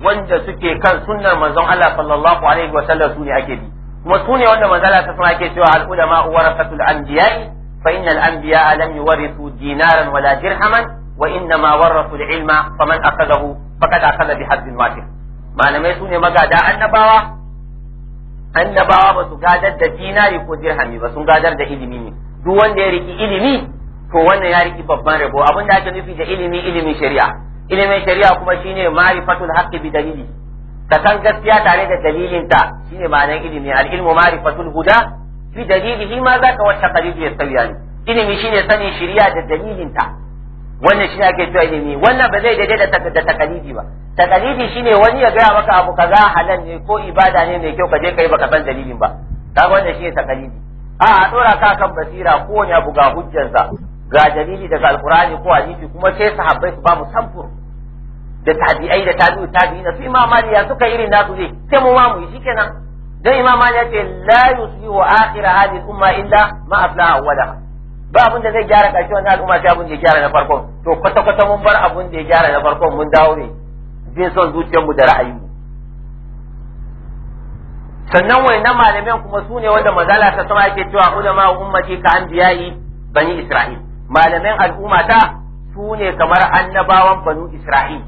wanda suke kan sunnar manzon Allah sallallahu alaihi wa sallam su ne ake bi kuma su ne wanda manzala ta suna ke cewa al'ulama warasatul anbiya'i fa innal anbiya'a lam yuwarithu dinaran wala dirhaman wa inna ma warathu al-ilma faman akhadahu faqad akhadha bi haddin wafir malamai su ne magada annabawa annabawa ba su gadar da dinari ko dirhami ba sun gadar da ilimi ne duk wanda ya riki ilimi to wannan ya riki babban rabo abun da ake nufi da ilimi ilimin shari'a ilimin shari'a kuma shine ma'rifatul haqqi bi dalili ka san gaskiya tare da dalilinta shine ma'anar ilimi al-ilmu ma'rifatul huda fi dalilihi ma zaka wata qalili ya sauya ilimi shine sanin shiriya da dalilinta wannan shine ake cewa ilimi wannan ba zai daidai da da takalidi ba takalidi shine wani ya gaya maka abu kaza halal ne ko ibada ne mai kyau ka je kai baka san dalilin ba kaga wannan shine takalidi a a dora ka kan basira ko wani abu ga hujjansa ga dalili daga alqur'ani ko hadisi kuma sai sahabbai su ba mu samfur da tabi'ai da tabi'u tabi'ina su imam mali ya suka irin nasu zai sai mu ma mu yi shikenan dan imam ya ce la yusbihu akhir hadhihi umma illa ma aflaha awwalaha ba abin da zai gyara karshe wannan al'umma sai abin da ya gyara na farkon to kwata kwata mun bar abin da ya gyara na farkon mun dawo ne bin son mu da ra'ayi sannan wayannan malamin kuma su ne wanda mazala ta sama yake cewa ulama ummati ka anbiya'i bani isra'il malamin al'ummata su ne kamar annabawan banu isra'il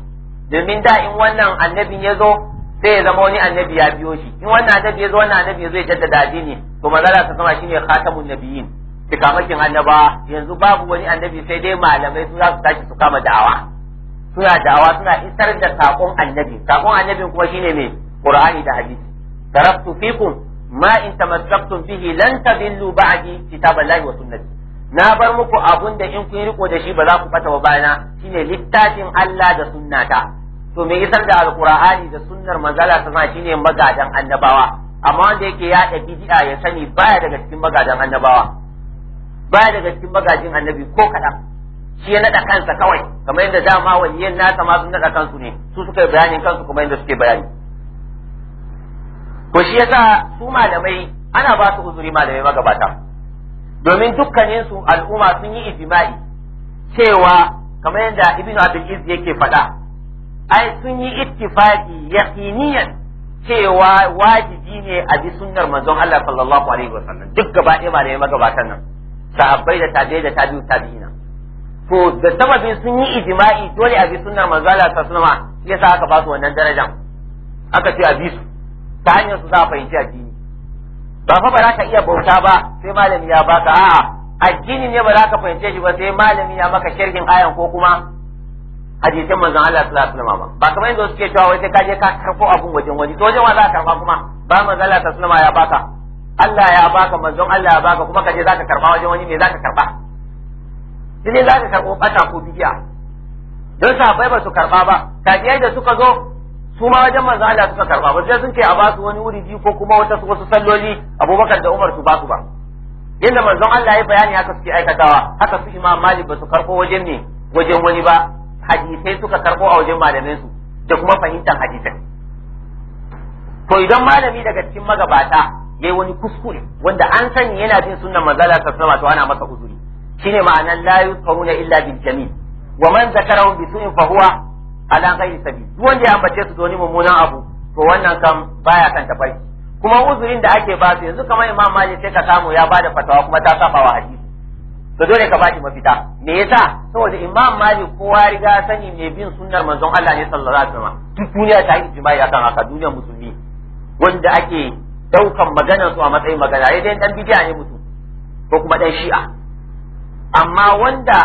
domin da in wannan annabin ya zo sai ya zama wani annabi ya biyo shi in wannan annabi ya zo wannan annabi ya zo ya jaddada addini to za su zama shine khatamun nabiyyin tikamakin annaba yanzu babu wani annabi sai dai malamai su za su tashi su kama da'awa suna da'awa suna isar da sakon annabi sakon annabin kuma shine mai qur'ani da hadisi taraktu fikum ma in tamassaktum bihi lan tadillu ba'di kitaballahi wa sunnati na bar muku abunda in kun riko da shi ba za ku fata ba bayana shine littafin Allah da sunnata to me yasa da alqur'ani da sunnar manzala ta sa shine magadan annabawa amma wanda yake da bid'a ya sani baya daga cikin magadan annabawa baya daga cikin magajin annabi ko kaɗan shi ya naɗa kansa kawai kamar yadda dama waliyan nasa ma sun naɗa kansu ne su suka yi bayanin kansu kuma yadda suke bayani Ko shi yasa su malamai ana ba su uzuri malamai magabata domin dukkanin su al'umma sun yi ijma'i cewa kamar yadda ibnu abdul iz yake faɗa ai sun yi ittifaqi yaqiniyan cewa wajibi ne a bi sunnar manzon Allah sallallahu alaihi wasallam duk gaba ɗaya ne magabatan nan sahabbai da tabi'i da tabi'u tabi'ina to da sababin sun yi ijma'i dole a bi sunnar manzon Allah sallallahu alaihi wasallam yasa aka ba su wannan darajar aka ce a bi su ta hanyar su za a fahimci addini ba fa ba za ka iya bauta ba sai malami ya baka a'a addini ne ba za ka fahimce shi ba sai malami ya maka shirkin ayan ko kuma hadisin manzon Allah sallallahu alaihi wasallam ba kamar yadda suke cewa wai sai ka je ka karko abun wajen wani to wajen wa za ka karba kuma ba manzon Allah sallallahu alaihi wasallam ya baka Allah ya baka manzon Allah ya baka kuma kaje za ka karba wajen wani me za ka karba shi ne za ka karbo bata ko bidiya don sahabbai ba su karba ba tafiyar da suka zo su ma wajen manzon Allah suka karba ba sai sun ce a ba su wani wuri biyu ko kuma wata wasu salloli Abubakar da Umar su ba su ba yadda manzon Allah ya bayani haka suke aikatawa haka su Imam Malik ba su karbo wajen ne wajen wani ba hadisai suka karɓo a wajen malamin su da kuma fahimtar hadisai. to idan malami daga cikin magabata yayi wani kuskure wanda an sani yana jin sunnan manzala sallallahu alaihi to ana masa uzuri Shi ne ma'anan la yusfaruna illa bil jamil wa man zakarahu bi su'in fa huwa ala ghairi sabil duk wanda ya ambace su da wani mummunan abu to wannan kam baya kan tafai. kuma uzurin da ake ba su yanzu kamar imam malik sai ka samu ya bada fatawa kuma ta saba wa hadisi to dole ka bashi mafita me yasa saboda imam malik kowa riga sani mai bin sunnar manzon Allah ne sallallahu alaihi wasallam duk duniya ta yi ijma'i akan haka duniya musulmi wanda ake daukan maganar su a matsayin magana ai dai dan bidiya ne mutum ko kuma dan shi'a amma wanda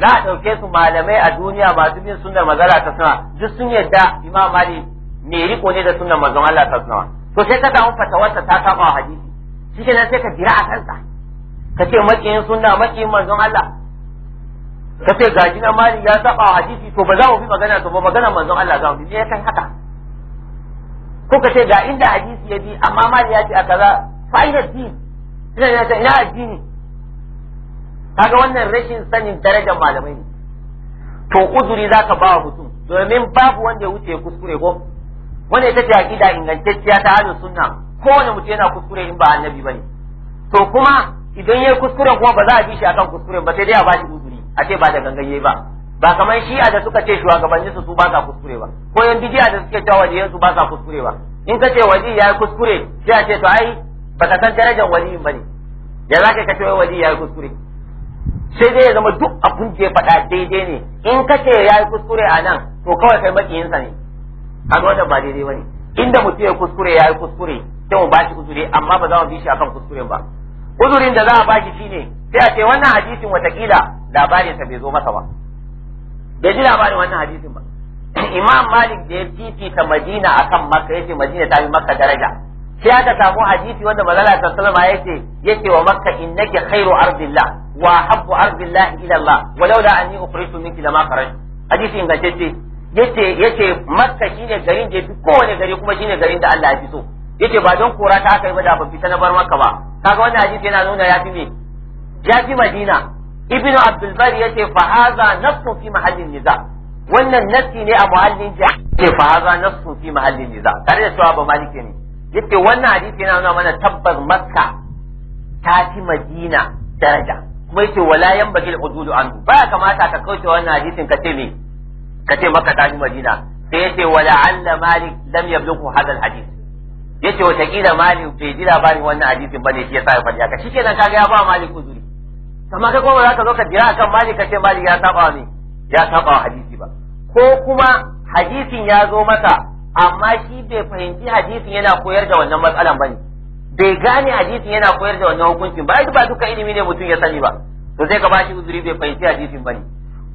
za a ɗauke su malamai a duniya masu bin sunnar magana ta suna duk sun yadda imam malik me riko ne da sunnar manzon Allah ta suna to sai ka samu fatawarsa ta kama hadisi shi kenan sai ka jira a kansa ka ce makiyin sunna makiyin manzon Allah ka ce gaji na mali ya saba hadisi to ba za mu bi magana to ba magana manzon Allah za mu fi ya kai haka ko ka ce ga inda hadisi ya bi amma mali ya ce a kaza fa'idar din ina ina ina addini kaga wannan rashin sanin darajar malamai ne to uzuri ka ba mutum domin babu wanda ya wuce kuskure ko wanda ya tafi aƙida ingantacciya ta ahlus sunna kowane mutum yana kuskure in ba annabi ba ne. to kuma idan ya kuskuren kuma ba za a bi shi akan kuskuren ba sai dai a ba uzuri a ce ba da gangan ba ba kamar shi a da suka ce shugabannin su su ba sa kuskure ba ko yan bidiya da suke cewa waliyan su ba sa kuskure ba in ka ce wali ya kuskure sai a ce to ai ba ka san darajar waliyin ba ne ya za ka ce wali ya kuskure sai dai ya zama duk abun da ya faɗa daidai ne in ka ce ya yi kuskure a nan to kawai kai makiyinsa ne ga wannan ba daidai ba ne inda mutum ya kuskure ya yi kuskure sai mu ba shi uzuri amma ba za mu bi shi akan kuskuren ba uzurin da za a baki shine sai a ce wannan hadisin watakila labarin sa bai zo masa ba bai ji labarin wannan hadisin ba [clears throat] imam malik da ya ta madina akan makka yace madina ta yi makka daraja sai aka samu hadisi wanda manzala ta sallama yace yace wa makka innaka khairu ardillah wa habbu ardillah ila allah walau da anni ukhrisu minki lama kharajtu hadisi ingantacce yace yace makka shine garin da yafi kowane gari kuma shine garin da Allah ya fi so yace ba don kora ta aka yi ba da ban fita na bar makka ba kaga wannan hadisi yana nuna ya fi me ya fi madina ibnu abdul bari yace fa hadha nafsu fi mahallin niza wannan nafsi ne a muhallin ja ce fa hadha nafsu fi mahallin niza tare da cewa ba maliki ne yace wannan hadisi yana nuna mana tabbas makka ta fi madina daraja kuma yace wala yanbaghi al-hududu anhu baya kamata ka kauce wannan hadisin ka ce me ka ce makka ta fi madina sai yace wala alla malik lam yablughu hadha al-hadith yace wata kila malik bai ji labarin wannan hadisin bane shi yasa ya faɗi haka shikenan kaga ya ba malik uzuri amma kai kuma za ka zo ka jira akan malik ka ce malik ya saba ne ya saba hadisi ba ko kuma hadisin ya zo maka, amma shi bai fahimci hadisin yana koyar da wannan matsalan bane bai gane hadisin yana koyar da wannan hukuncin ba ba duka ilimi ne mutum ya sani ba to sai ka bashi uzuri bai fahimci hadisin bane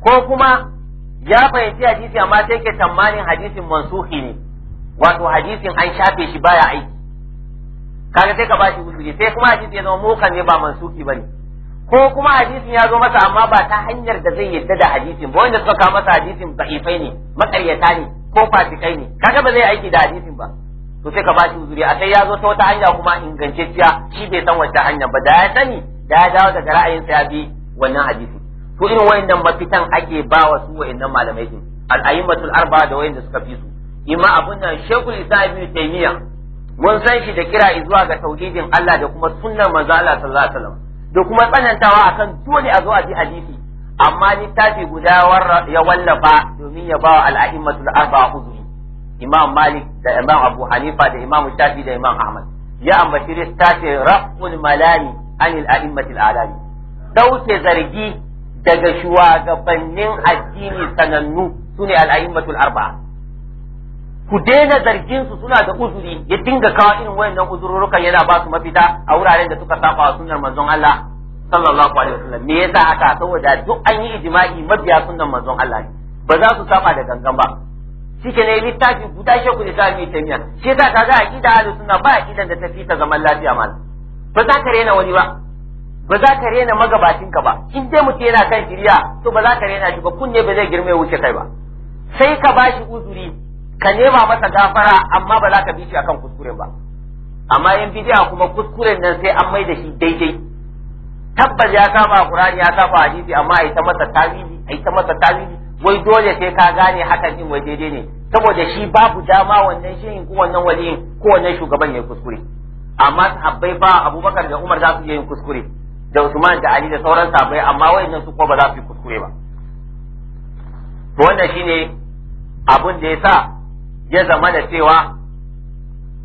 ko kuma ya fahimci hadisi amma sai ke tsammanin hadisin mansuhi ne wato hadisin an shafe shi baya aiki kaga sai ka bashi usuli sai kuma hadisin ya zama mokan ne ba mansuki bane ko kuma hadisin ya zo masa amma ba ta hanyar da zai yadda da hadisin ba wanda suka kawo masa hadisin ba'ifai ne makaryata ne ko fasikai ne kaga ba zai aiki da hadisin ba to sai ka bashi usuli a sai ya zo ta wata hanya kuma ingantacciya shi bai san wata hanya ba da ya sani da ya dawo daga ra'ayin sa ya bi wannan Su to irin wayannan mafitan ake ba wa su wayannan malamai din al-a'immatul arba da wayanda suka fi su Imma abin nan shekul isa ibn taymiya mun san shi da kira zuwa ga tauhidin Allah da kuma sunnar manzo Allah sallallahu alaihi wasallam da kuma tsanantawa akan dole a zo a ji hadisi amma littafi guda ya wallafa domin ya bawa al'a'immatul arba'a uzuri imam malik da imam abu hanifa da imam shafi da imam ahmad ya ambaci littafi raful malani anil a'immatil alani dauke zargi daga shugabannin addini sanannu sune al'a'immatul arba'a ku daina zargin su suna da uzuri ya dinga kawo irin wayannan uzurorukan yana ba su mafita a wuraren da suka saba wa sunnar manzon Allah sallallahu alaihi wasallam me yasa aka saboda duk an yi ijma'i mabiya sunan manzon Allah ba za su saba da gangan ba shike ne littafin guda ku da ta mai shi yasa kaga aqida ahlus sunna ba da tafi ta zaman lafiya mal ba za ka rena wani ba ba za ka rena magabacinka ba in dai mutum yana kan jiriya. to ba za ka rena shi ba kunne ba zai girme wuce kai ba sai ka bashi uzuri ka nema masa gafara amma ba za ka bi shi akan kuskure ba amma yan bid'a kuma kuskuren nan sai an mai da shi daidai tabbas ya saba qur'ani ya saba hadisi amma ai ta masa tawili ai ta masa tawili wai dole sai ka gane hakan din wai daidai ne saboda shi babu dama wannan shirin ko wannan waliyin ko wannan shugaban ya kuskure amma sahabbai fa Abubakar da Umar za su yi kuskure da Usman da Ali da sauran sahabbai amma wayannan su ko ba za su yi kuskure ba wannan shine abun da ya sa. ya zama da cewa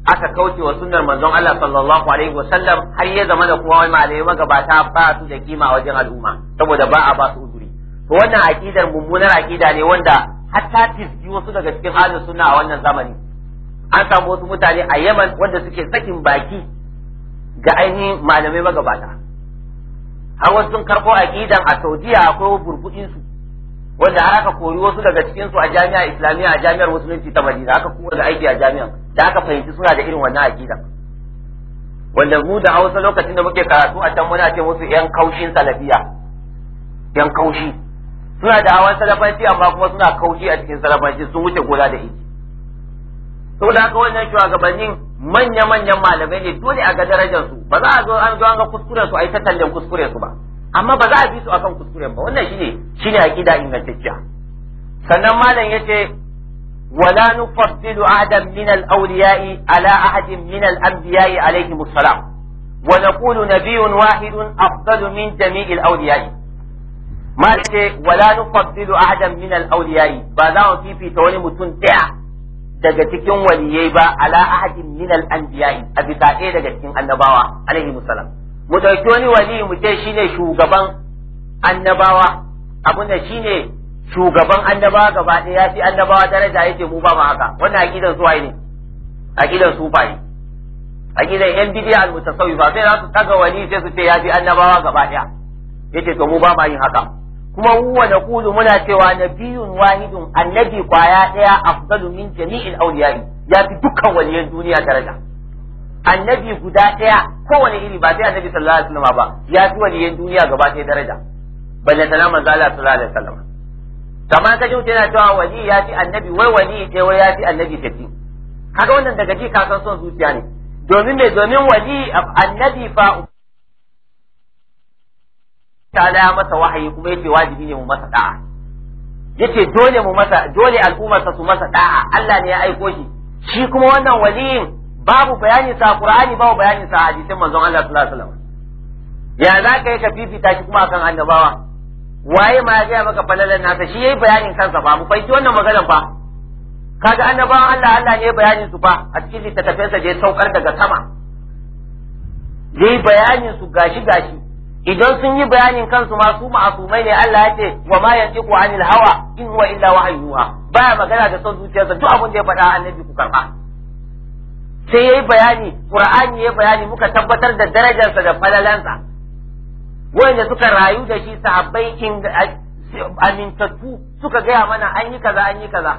aka kauce wa sunnar manzon Allah sallallahu alaihi wa sallam har ya zama da kuma wai malamai magabata ba su da kima wajen al'umma saboda ba a ba su uzuri to wannan aqidar mummunar aqida ne wanda hatta tisbi wasu daga cikin ahlus sunna a wannan zamani an samu wasu mutane a Yaman wanda suke sakin baki ga ainihin malamai magabata har wasu sun karɓo aqidan a Saudiya akwai burbuɗinsu. su wanda har aka kori wasu daga cikin su a jami'a islamiyya a jami'ar musulunci ta madina aka kuma da aiki a jami'an da aka fahimci suna da irin wannan aqida wanda mu da hausa lokacin da muke karatu a can muna ce musu yan kaushin salafiya yan kaushi suna da hawan salafanci amma kuma suna kaushi a cikin salafanci sun wuce gona da to da haka wannan shugabannin manya-manyan malamai ne dole a ga darajar su ba za a zo an zo an ga kuskuren su a yi ta tallan kuskuren su ba amma ba za a bi su akan kuskuren ba wannan shine shine aqida ingantacciya sannan malam yace wala nufaddilu adam min al-awliya'i ala ahadin min al-anbiya'i alayhi musallam wa naqulu nabiyyun wahidun afdalu min jami'il awliya'i ma ce wala nufaddilu Adam min al-awliya'i ba za mu fifita wani mutum daya daga cikin waliyai ba ala ahadin min al-anbiya'i a bisa daga cikin annabawa alaihi musallam mu ɗauki wani wali mu ce shine shugaban annabawa abin da shine shugaban annabawa gaba ɗaya ya fi annabawa daraja yake mu ba mu haka wannan aqidan su ne aqidan su bai aqidan yan bidiya al fa sai za su taga wali sai su ce ya fi annabawa gaba ɗaya yake to mu ba ma yin haka kuma mu wa naqulu muna cewa nabiyun wahidun annabi kwaya ɗaya afdalu min jami'il awliya ya fi dukkan waliyan duniya daraja annabi guda ɗaya kowane iri ba sai annabi sallallahu alaihi wasallam ba ya fi waliyan duniya gaba ta daraja balle tana manzo Allah sallallahu alaihi wasallam kamar ka jinta yana cewa wali ya fi annabi wai wali ɗaya wai ya fi annabi tafi kaga wannan daga ji ka san son zuciya ne domin me domin wali annabi fa ta ya masa wahayi kuma yace wajibi ne mu masa da'a yace dole mu masa dole su masa da'a Allah ne ya aiko shi shi kuma wannan waliyin babu bayani sa Qur'ani babu bayani sa hadisin manzon Allah sallallahu alaihi wasallam ya za ka yi ka fifita shi kuma akan annabawa waye ma ya gaya maka falalan nasa shi yayi bayanin kansa fa mu fahimci wannan maganar fa kaga annabawan Allah Allah ne bayanin su fa a cikin littattafin sa je saukar daga sama yayi bayanin su gashi gashi idan sun yi bayanin kansu ma su ma'asumai ne Allah ya ce wa ma yantiqu anil hawa in huwa illa wahyuha baya magana da son zuciyarsa duk abin da ya faɗa annabi ku karba sai yayi bayani qur'ani yayi bayani muka tabbatar da darajarsa da falalansa wanda suka rayu da shi sahabbai amintattu suka gaya mana an yi kaza an yi kaza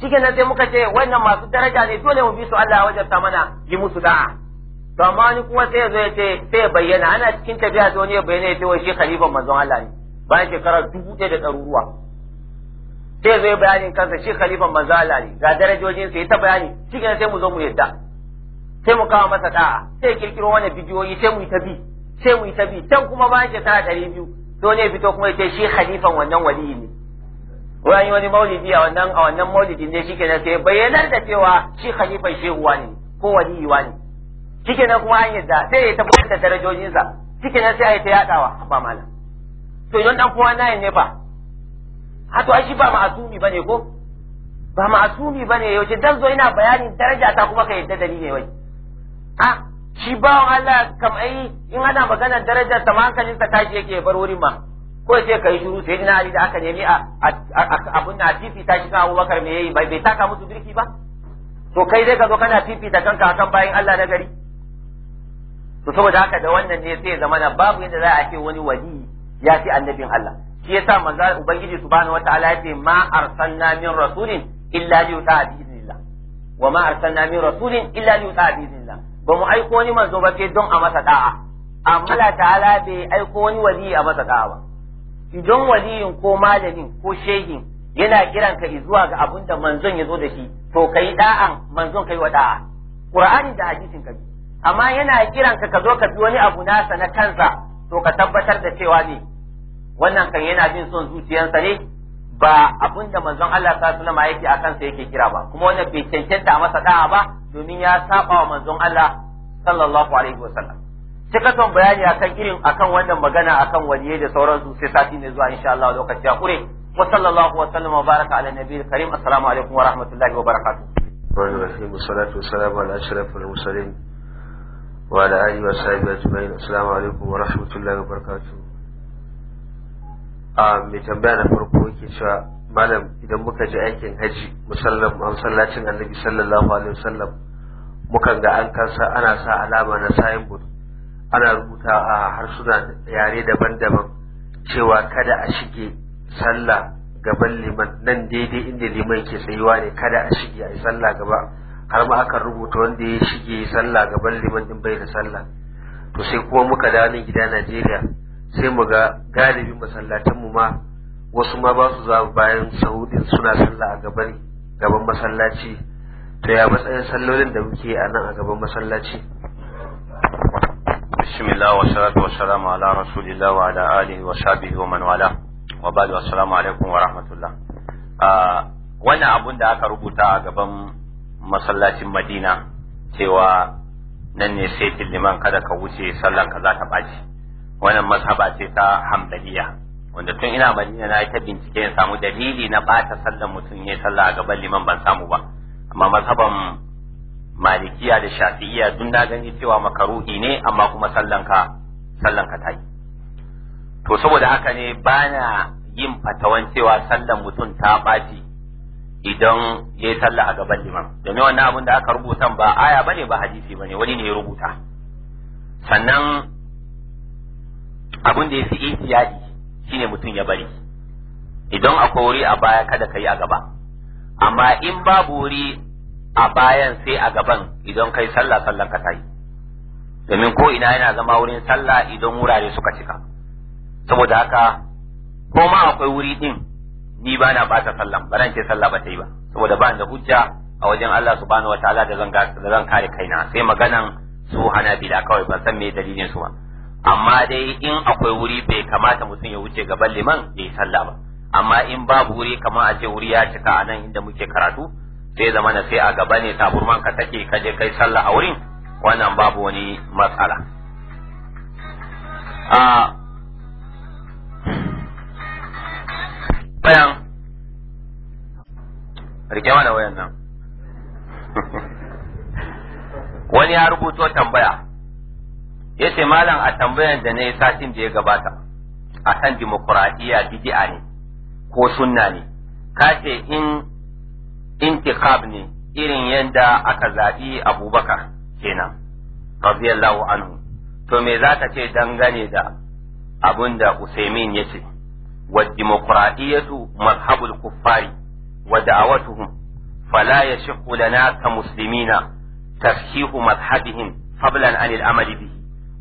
shike nan sai muka ce wannan masu daraja ne dole mu bi su Allah ya wajabta mana yi musu da'a to amma ni kuma sai yazo ya ce sai ya bayyana ana cikin tafiya sai wani ya bayyana ya ce wai shi khalifan manzon Allah ne bayan shekarar dubu ɗaya da ɗaruruwa sai yazo ya bayanin kansa shi khalifan manzon Allah ne ga darajojin sa ya ta bayani shike nan sai mu zo mu yadda sai mu kawo masa da'a sai kirkiro wani bidiyoyi sai mu yi ta bi sai mu yi ta bi can kuma bayan shekara ɗari biyu to ne fito kuma ya ce shi halifan wannan wali ne wani wani maulidi a wannan a wannan maulidi ne shikenan sai bayyanar da cewa shi halifan shehu ne ko waliyi wani shikenan kuma an yadda sai ya tabbatar da darajojinsa shikenan sai a yi ta yadawa ba malam to idan dan kowa na ne fa a to shi ba ma'asumi ne ko ba ma'asumi bane yaushe dan zo ina bayanin daraja ta kuma ka yadda da ni ne wai a shi bawan Allah kam ai in ana magana darajar ta hankalin sa tashi yake bar wurin ma ko sai kai shiru sai ina ali da aka nemi a abun da fifi ta shi a Abubakar me yayi bai taka musu birki ba to kai dai ka zo kana fifita kanka akan bayin Allah na gari to saboda haka da wannan ne sai zama na babu yadda za a ce wani wali ya fi annabin Allah shi yasa manzo ubangiji subhanahu wataala ya ce ma arsalna min rasulin illa bi idnillah wa ma arsalna min rasulin illa bi idnillah ba mu aiko wani manzo ba sai don a masa da'a amma Allah ta'ala bai aiko wani wali a masa da'a ba idan waliyin ko malamin ko shehin yana kiran ka zuwa ga abin da manzon ya zo da shi to kai da'an manzon kai wa da'a qur'ani da hadisin ka amma yana kiran ka ka zo ka bi wani abu nasa na kansa to ka tabbatar da cewa ne wannan kan yana bin son zuciyarsa ne ba abin da manzon Allah sallallahu alaihi wasallam yake akan sa yake kira ba kuma wannan bai cancanta masa da'a ba domin ya saba wa manzon Allah sallallahu alaihi wasallam cikakken bayani akan irin akan wannan magana akan waliyai da sauransu sai sati ne zuwa insha Allah lokaci ya kure wa sallallahu wa sallama baraka ala nabiyil karim assalamu alaikum wa rahmatullahi wa barakatuh Rahmanu Rahim salatu salam ala ashrafil mursalin wa ala alihi wa sahbihi ajma'in assalamu alaikum wa rahmatullahi wa barakatuh a ah, mai tambaya na farko yake cewa malam idan muka ji aikin haji musallacin annabi sallallahu alaihi wasallam mukan ga an kansa ana sa alama na signboard ana rubuta a harsuna yare daban-daban cewa kada a shige sallah gaban liman nan daidai inda liman ke tsayuwa ne kada a shige a yi sallah gaba har ma akan rubuta wanda ya shige sallah gaban liman din bai da sallah to sai kuma muka dawo gida Najeriya sai mu ga galibin masallatan mu ma wasu ma ba su za bayan sahudin suna sallah a gaban gaban masallaci to ya matsayin sallolin da muke a nan a gaban masallaci bismillah wa salatu wa salamu ala rasulillah wa ala alihi wa sahbihi wa man wala wa ba'du assalamu alaikum wa rahmatullah wannan abun da aka rubuta a gaban masallacin Madina cewa nan ne sai liman kada ka wuce sallan ka za ta baci wannan mazhaba ce ta hambaliya wanda tun ina madina na ta bincike ya samu dalili na bata sallar mutum ya sallah a gaban liman ban samu ba amma mazhaban malikiya da shafi'iya dun na gani cewa makaruhi ne amma kuma sallanka sallan ta yi to saboda haka ne bana yin fatawan cewa sallan mutum ta baci idan ya yi sallah a gaban liman domin wannan abin da aka rubuta ba aya bane ba hadisi bane wani ne ya rubuta sannan abin da ya fi ihtiyadi shine mutum ya bari idan akwai wuri a baya kada ka yi a gaba amma in babu wuri a bayan sai a gaban idan kai sallah sallan ka tayi domin ko ina yana zama wurin sallah idan wurare suka cika saboda haka ko ma akwai wuri din ni ba na bata sallan ba ce sallah ba ta yi ba saboda ba da hujja a wajen Allah subhanahu wataala da zan da zan kare kaina sai maganan su bila kawai ban san me dalilin su ba amma dai in akwai wuri bai kamata mutum ya wuce gaban liman bai sallah ba amma in babu wuri kamar a ce wuri ya cika a nan inda muke karatu sai zama na sai a gaba ne taburman ka take ka je kai sallah a wurin wannan babu wani matsala [laughs] wani ya rubuto tambaya Ya ce malam a tambayar da na yi satin da ya gabata akan dimokuraɗiyya bid'a ne ko sunna ne ka ce in ne irin yadda aka zaɓi abubakar kenan radiyallahu anhu to me za ka ce dangane da abin da usaimin ya ce wa dimokuraɗiyyatu mazhabul kuffari wa da'awatuhum fala yashiqu lana ka muslimina tashihu mazhabihim fablan anil amali bihi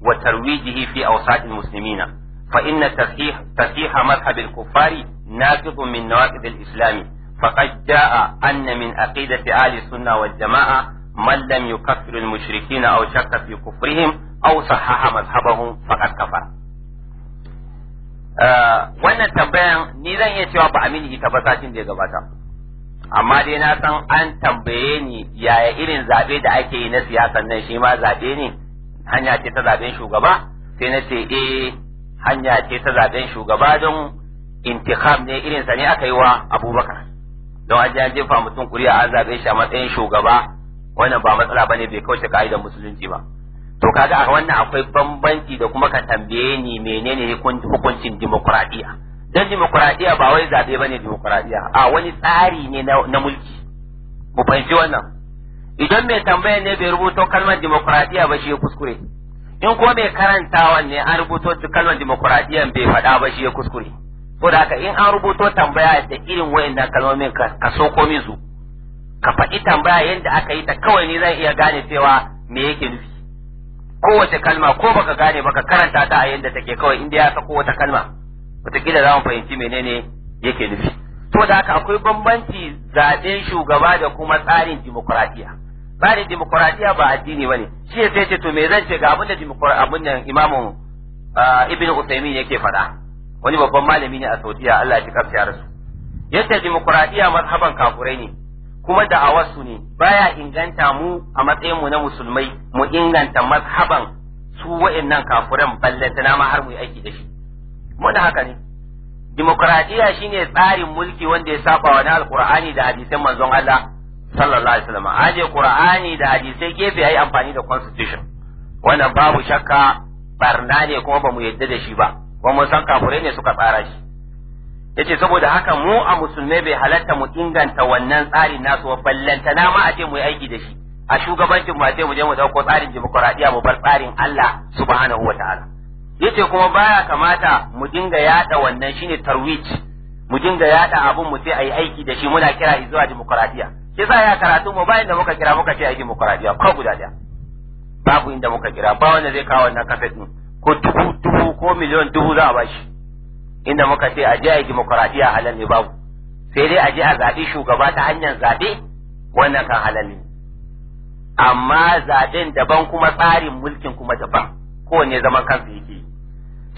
wa tarwijihi fi awsat muslimina Fa'inna inna tasih tasih madhhab al-kuffari ناقض من نواقض الإسلام فقد جاء أن من عقيدة أهل السنة والجماعة من لم يكفر المشركين أو شك في كفرهم أو صحح مذهبهم فقد كفر wannan tambayan ni zan iya cewa ba a mini ita ba satin da ya gabata amma dai na san an tambaye ni yaya irin zaɓe da ake yi na siyasan nan shi ma zaɓe ne hanya ce ta zaben shugaba sai na ce eh hanya ce ta zaben shugaba don intikam ne irin sa ne aka yi wa abubakar don an an jefa mutum kuri'a a zabe shi a matsayin shugaba wannan ba matsala bane bai kauce ka'idar musulunci ba to kaga a wannan akwai bambanci da kuma ka tambaye ni menene hukuncin dimokuraɗiyya dan dimokuraɗiyya ba wai zabe bane dimokuraɗiyya a wani tsari ne na mulki mu fahimci wannan idan mai tambaya ne bai rubuto kalmar demokuraɗiyya ba shi ya kuskure in ko mai karantawa ne an rubuto kalmar demokuraɗiyya bai faɗa ba shi ya kuskure ko da haka in an rubuto tambaya da irin wayannan kalmomin ka so komi su ka faɗi tambaya yadda aka yi ta kawai ne zan iya gane cewa me yake nufi kowace kalma ko baka gane baka karanta ta a yadda take kawai inda ya sako wata kalma wataƙila za mu fahimci menene yake nufi Ko da haka akwai bambanci zaɓen shugaba da kuma tsarin dimokuraɗiyya ba ne demokuraɗiyya ba addini ba ne shi ya sai ce to me zan ce ga abin da abin imamu ibn yake faɗa wani babban malami ne a saudiya allah ya ci kafsiyar su yadda demokuraɗiyya mazhaban kafurai ne kuma da'awarsu ne baya inganta mu a matsayin mu na musulmai mu inganta mazhaban su wa'annan kafuran ballantana ma har mu yi aiki da shi mu da haka ne demokradiya shine tsarin mulki wanda ya saba wa na alqur'ani da hadisan manzon Allah sallallahu alaihi wasallam aje qur'ani da hadisai gefe yayi amfani da constitution wannan babu shakka barna ne kuma bamu yadda da shi ba kuma mun san kafurai ne suka tsara shi yace saboda haka mu a musulmai bai halatta mu inganta wannan tsarin nasu wa ballantana ma a ce mu yi aiki da shi a shugabancin mu ce mu je mu dauko tsarin demokradiya mu bar tsarin Allah subhanahu wataala yace kuma baya kamata mu dinga yada wannan shine tarwich mu dinga yada abun mu sai ayi aiki da shi muna kira zuwa demokradiya kisa ya karatu mu ba inda muka kira muka ce ai demokradiya ko guda daya babu inda muka kira ba wanda zai kawo wannan kafet din ko dubu dubu ko miliyon dubu za a bashi inda muka ce a je ai demokradiya halal ne babu sai dai a je a zaɓi shugaba ta hanyar zaɓe wannan kan halal ne amma zaɓen daban kuma tsarin mulkin kuma daban kowane zaman kansa yake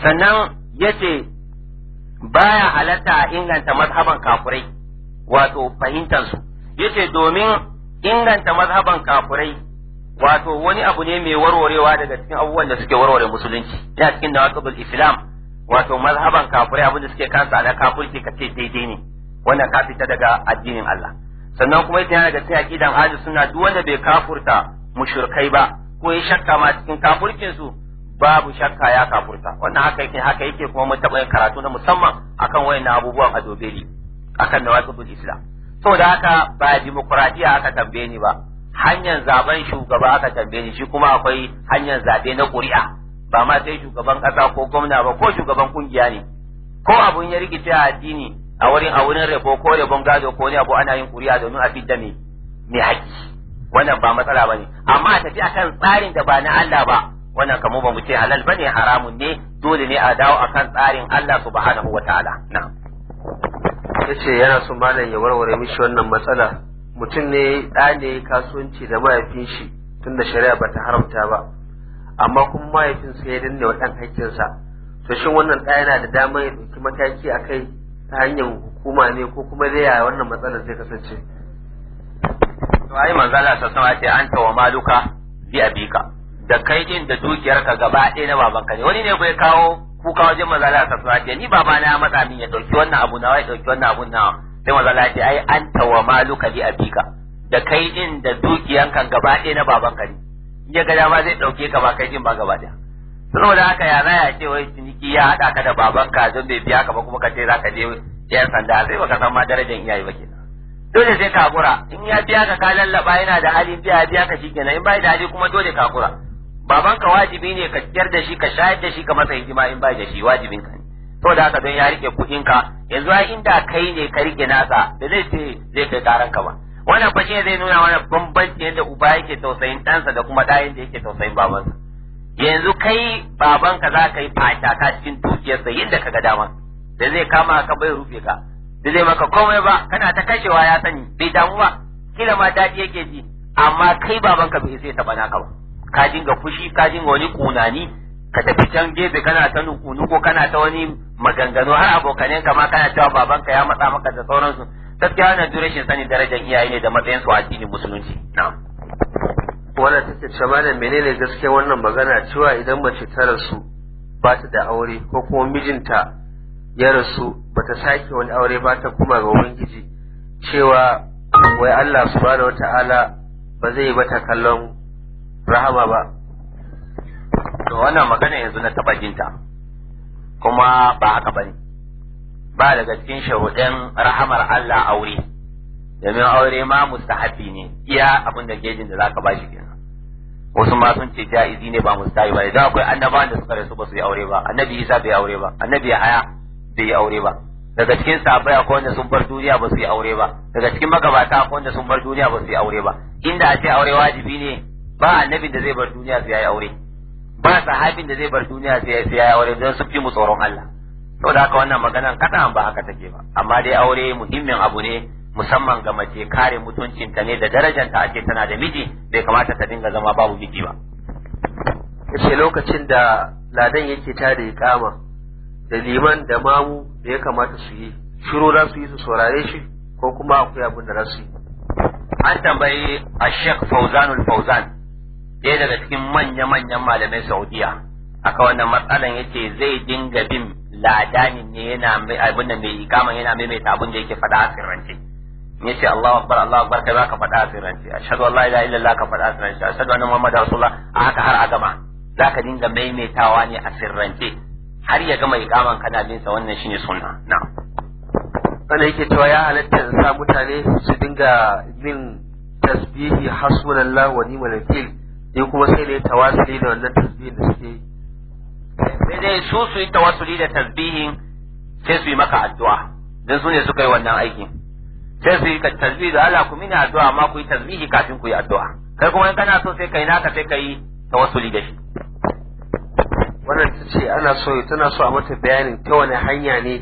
sannan ya ce ba ya halatta inganta mazhaban kafurai wato fahimtansu yace domin inganta mazhaban kafurai wato wani abu ne mai warwarewa daga cikin abubuwan da suke warware musulunci yana cikin da nawaqidul islam wato mazhaban kafurai abin da suke kansa na kafirci kace daidai ne wannan ka fita daga addinin Allah sannan kuma yana daga cikin aqidan ahlus sunna duk wanda bai kafurta mushrikai ba ko ya shakka ma cikin kafurcin su babu shakka ya kafurta wannan haka yake haka yake kuma mun taɓa yin karatu na musamman akan wayannan abubuwan a doberi akan da nawaqidul islam saboda haka ba dimokuraɗiyya aka tambaye ni ba hanyar zaben shugaba aka tambaye ni shi kuma akwai hanyar zaɓe na ƙuri'a ba ma sai shugaban ƙasa ko gwamna ba ko shugaban ƙungiya ne ko abun ya rikice a addini a wurin a wurin rebo ko rebon gado ko ne abu ana yin ƙuri'a domin a fidda me me haƙƙi wannan ba matsala ba ne amma a tafi akan tsarin da ba na Allah ba wannan kamo ba mu ce halal bane haramun ne dole ne a dawo akan tsarin Allah subhanahu wataala na'am ce yana son malam ya warware mishi wannan matsala mutum ne ɗa ne kasuwanci da mahaifin shi tunda shari'a ba ta haramta ba amma kuma mahaifin ya danne wa ɗan hakkinsa to shin wannan ɗa yana da damar ya ɗauki mataki a kai ta hanyar hukuma ne ko kuma dai yaya wannan matsalar zai kasance to ai a ta sama ce an tawa maluka bi abika da kai din da dukiyarka gaba ɗaya na babanka ne wani ne bai kawo kuka wajen maza Allah ta ce ni baba na ya matsa min ya dauki wannan abu nawa ya dauki wannan abu nawa sai maza Allah ce ai anta wa maluka li abika da kai din da dukiyan kan gaba ɗaya na baban ka ne ya ga dama zai dauke ka ba kai din ba gaba ɗaya saboda haka ya ya ce wai ciniki ya haɗa ka da baban ka don bai biya ka ba kuma ka ce za ka je yan sanda sai baka san ma darajar iyaye ba kenan dole sai ka hakura in ya biya ka ka lallaba yana da hali biya biya ka kenan in bai da hali kuma dole ka hakura babanka wajibi ne ka ciyar da shi ka shayar da shi ka masa hidima in ba da shi wajibin ka to da haka don ya rike kuɗin ka yanzu a inda kai ne ka rike nasa da zai ce zai kai karan ka ba wannan fa shine zai nuna wani bambanci yadda uba yake tausayin ɗansa da kuma ɗayan da yake tausayin babansa yanzu kai babanka za ka yi fata fataka cikin dukiyarsa yadda ka ga dama da zai kama ka bai rufe ka da zai maka komai ba kana ta kashewa ya sani bai damu ba kila ma daɗi yake ji amma kai babanka bai sai taɓa naka ba ka dinga fushi ka dinga wani kunani ka tafi can gefe kana ta nukunu ko kana ta wani maganganu har abokanen ka ma kana cewa babanka ya matsa maka da sauransu gaskiya wannan durashin sani darajar iyaye ne da matsayin su a addinin musulunci na'am wannan take ce malam menene gaskiya wannan magana cewa idan mace ta rasu ba ta da aure ko kuma mijinta ya rasu ba ta sake wani aure ba ta kuma ga ubangiji cewa wai Allah subhanahu wataala ba zai mata kallon rahama ba to wannan magana yanzu na taba jinta kuma ba haka bane ba daga cikin sharuɗin rahamar Allah aure domin aure ma mustahabi ne iya abin da gejin da zaka bashi kenan wasu ma sun ce jaizi ne ba mustahabi ba idan akwai annabawan da suka rasu ba su yi aure ba annabi Isa bai aure ba annabi Yahaya bai yi aure ba daga cikin sahabbai akwai wanda sun bar duniya ba su yi aure ba daga cikin magabata akwai wanda sun bar duniya ba su yi aure ba inda a ce aure wajibi ne ba annabin da zai bar duniya sai yayi aure ba sahabin da zai bar duniya sai yayi aure don su fi mu tsoron Allah saboda haka wannan magana kadan ba haka take ba amma dai aure muhimmin abu ne musamman ga mace kare mutuncin ta ne da darajanta ake tana da miji bai kamata ta dinga zama babu miji ba yace lokacin da ladan yake tare da iqama da liman da mamu da ya kamata su yi shiru za su yi su saurare shi ko kuma akwai abin da za su yi an tambayi a Sheikh Fauzanul Fauzan ɗaya daga cikin manya-manyan malamai saudiya aka wannan matsalan yace zai dinga bin ladanin ne yana mai abin da mai ikama yana maimaita abin da yake faɗa a sirrance yace Allah akbar Allah akbar kai zaka faɗa a sirrance ashhadu an la ilaha illallah ka faɗa a sirrance ashhadu anna muhammadar rasulullah a haka har a gama zaka dinga maimaitawa ne a sirrance har ya gama ikaman kana bin sa wannan shine sunna na Wani yake cewa ya halatta in sa mutane su dinga bin tasbihi hasbunallahu wa ni'mal wakil ni kuma sai dai tawasuli da wannan tasbihin da suke yi sai dai su su yi tawasuli da tasbihin sai su yi maka addu'a dan su ne suka yi wannan aikin sai su yi ka tasbihi da Allah ku mini addu'a amma ku yi tasbihi kafin ku yi addu'a kai kuma in kana so sai kai naka sai kai tawasuli da shi wannan ta ce ana so tana so a mata bayanin ta wani hanya ne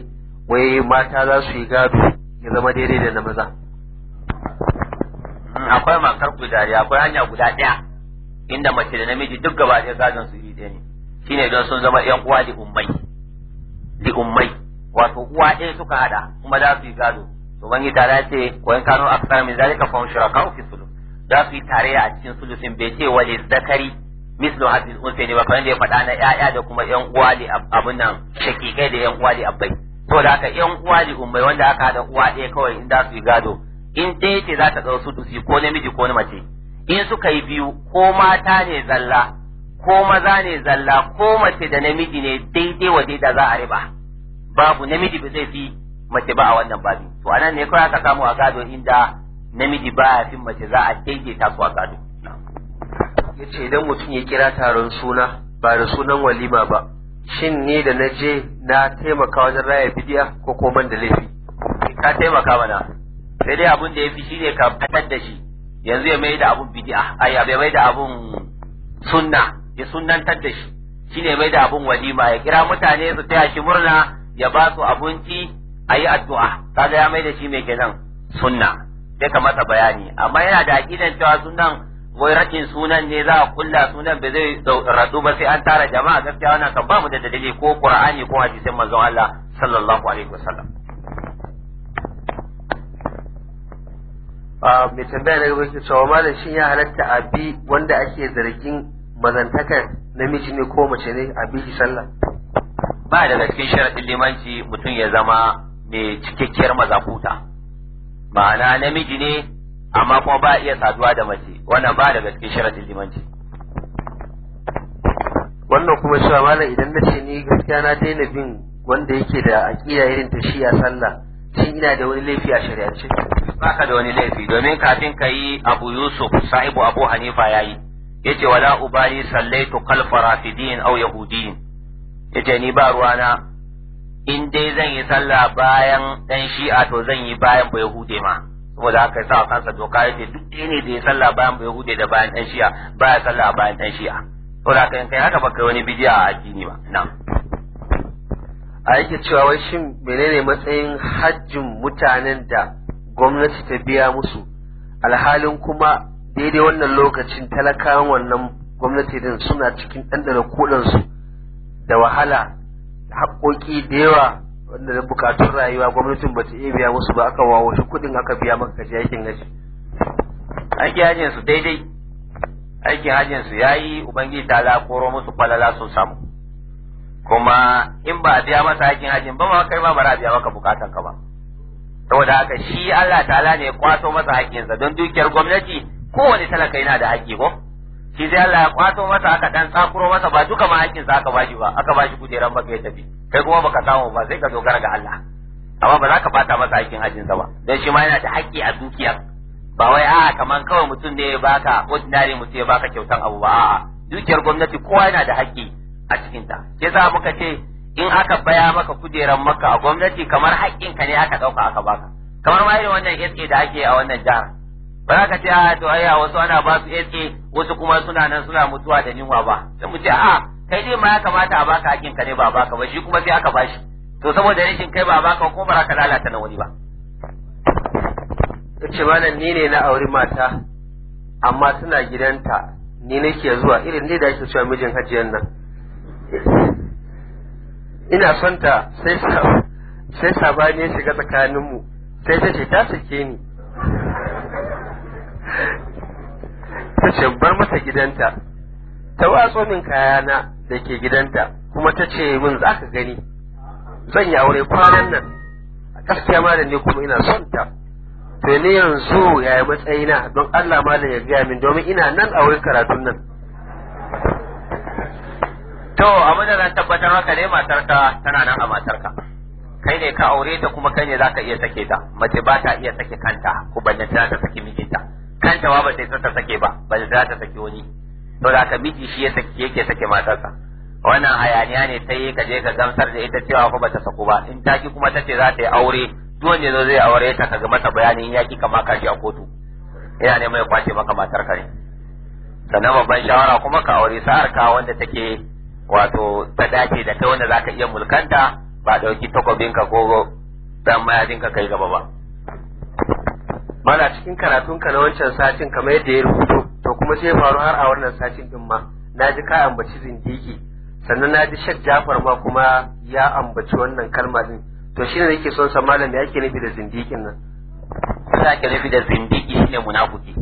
wai mata za su yi gado ya zama daidai da na maza hmm, akwai makar ku dariya akwai hanya guda ɗaya inda mace da namiji duk gaba ɗaya gadon su ɗaya ne shine don sun zama ƴan uwa da ummai da ummai wato uwa ɗaya suka hada kuma za su yi gado to yi tare ce ko in kanu aksar min zalika fa hum shuraka'u fi sulus za su yi tare a cikin sulusin bai ce wa li zakari mislu Un, unsa ne ba kamar da ya faɗa na ƴaƴa da kuma ƴan uwa da abun nan shakikai da ƴan uwa da abbai to da haka ƴan uwa li ummai wanda aka hada uwa ɗaya kawai in za su yi gado in ɗaya ce za ta ɗau sudusi ko namiji ko na mace in suka yi biyu ko mata ne zalla ko maza ne zalla ko mace da namiji ne daidai wa da za a riba babu namiji ba zai fi mace ba a wannan babi to anan ne kawai aka samu a gado inda namiji baya fin mace za a daidaita su a gado ce idan mutum ya kira taron suna ba da sunan walima ba shin ni da na je na taimaka wajen raya bidiya ko koman da laifi ka taimaka mana sai dai abin da ya fi shine ka fatar da shi yanzu ya mai da abun bid'a ai ya mai da abun sunna ya sunnantar da shi shine ya mai da abun walima ya kira mutane su taya shi murna ya ba su abinci ayi addu'a kaga ya mai da shi mai kenan sunna sai ka masa bayani amma yana da aqidan cewa sunan wai rakin sunan ne za a kulla sunan ba zai radu ba sai an tara jama'a gaskiya wannan kan ba mu da dalili ko qur'ani ko hadisin manzon Allah sallallahu alaihi wasallam Ah, mai tambaya daga baki cewa malam shin ya halatta a bi wanda ake zargin mazantakar namiji ne ko mace ne a bi sallah ba da cikin sharadin limanci mutum ya zama mai cikakkiyar mazakuta ma'ana namiji ne amma kuma ba iya saduwa da mace wannan ba daga cikin sharadin limanci wannan kuma shi malam idan na ce ni gaskiya na daina bin wanda yake da aƙida irin ta shi a sallah shin ina da wani laifi a shari'ance baka da wani laifi domin kafin ka yi abu yusuf sahibu abu hanifa ya yi Ya ce wala ubali sallaitu kalfa rafidin au yahudiyin ce ni ba ruwana in dai zan yi sallah bayan dan shi'a to zan yi bayan ba yahude ma saboda haka ya sa kansa doka ce duk ɗaya ne da ya sallah bayan ba yahude da bayan dan shi'a baya sallah bayan dan shi'a saboda haka in kai haka baka wani bidiya a addini ba na a yake cewa wai shin menene matsayin hajjin mutanen da gwamnati ta biya musu alhalin kuma daidai wannan lokacin talakawan wannan gwamnati din suna cikin ɗanɗana kuɗansu da wahala haƙoƙi da yawa wanda da bukatun rayuwa gwamnatin ba ta iya biya musu ba aka wawo shi kuɗin aka biya maka kaji aikin gaji aiki hajjin su daidai aiki hajjin su yayi ubangiji ta koro musu kwalala sun samu kuma in ba a biya masa aikin hajjin ba ma kai ma ba za a biya maka buƙatan ka ba saboda haka shi Allah ta'ala ne ya kwato masa haƙƙinsa don dukiyar gwamnati kowane talaka yana da haƙƙi ko shi sai Allah ya kwato masa aka dan tsakuro masa ba duka ma haƙƙinsa aka bashi ba aka bashi kujeran ba ya tafi kai kuma baka samu ba sai ka dogara ga Allah amma ba za ka bata masa haƙƙin hajjinsa ba don shi ma yana da haƙƙi a dukiyar ba wai a kaman kawai mutum ne ya baka ordinary mutum ya baka kyautan abu ba a'a dukiyar gwamnati kowa yana da haƙƙi a cikinta sai za muka ce in aka baya maka kujeran maka a gwamnati kamar haƙƙinka ne aka ɗauka aka baka kamar ma irin wannan SA da ake a wannan jihar ba za ka ce ah, a to ayya wasu ana ba su SA wasu kuma suna nan suna mutuwa da yunwa ba sai mu ce a kai dai ma ya kamata a baka haƙƙinka ne ba baka ba shi kuma sai aka bashi to saboda rashin kai ba baka ko ba ka lalata na wani ba ce malam ni ne na auri mata amma suna gidanta ni nake zuwa irin ne da ake cewa mijin hajiyar nan ina son ta sai sa sai sabani ya shiga tsakanin mu sai ta ce ta sake ni ta ce bar mata gidanta ta watso min kayana da ke gidanta kuma ta ce min za ka gani zan yi aure kwanan nan a gaskiya da ne kuma ina son ta to ne yanzu yaya matsayina don Allah da ya gaya min domin ina nan a wurin karatun nan to abin da zan tabbatar maka ne matarka tana nan a matarka kai ne ka aure ta kuma kai ne zaka iya sake ta mace ba ta iya sake kanta ko ban ta ta sake mijinta kanta ba ta ta sake ba ban za ta sake wani to da ka miji shi ya sake yake sake matarsa wannan hayaniya ne sai ka je ka gamsar da ita cewa ko ba ta saku ba in taki kuma tace ce za ta yi aure duk ne zai aure ta ka ga mata bayanin ya ki kama ka a kotu ina ne mai kwace maka matarka ne sannan babban shawara kuma ka aure sa'ar ka wanda take wato ta dace da kai wanda zaka iya mulkanta ba dauki ka ko dan ka kai gaba ba mana cikin karatunka na wancan satin kamar yadda ya rubuto to kuma sai faru har a wannan satin din ma na ji ka ambaci zindiki sannan na ji shek jafar ma kuma ya ambaci wannan kalma din to shine nake son sa malam ya ke nufi da zindikin nan ya ke nufi da zindiki shine munafiki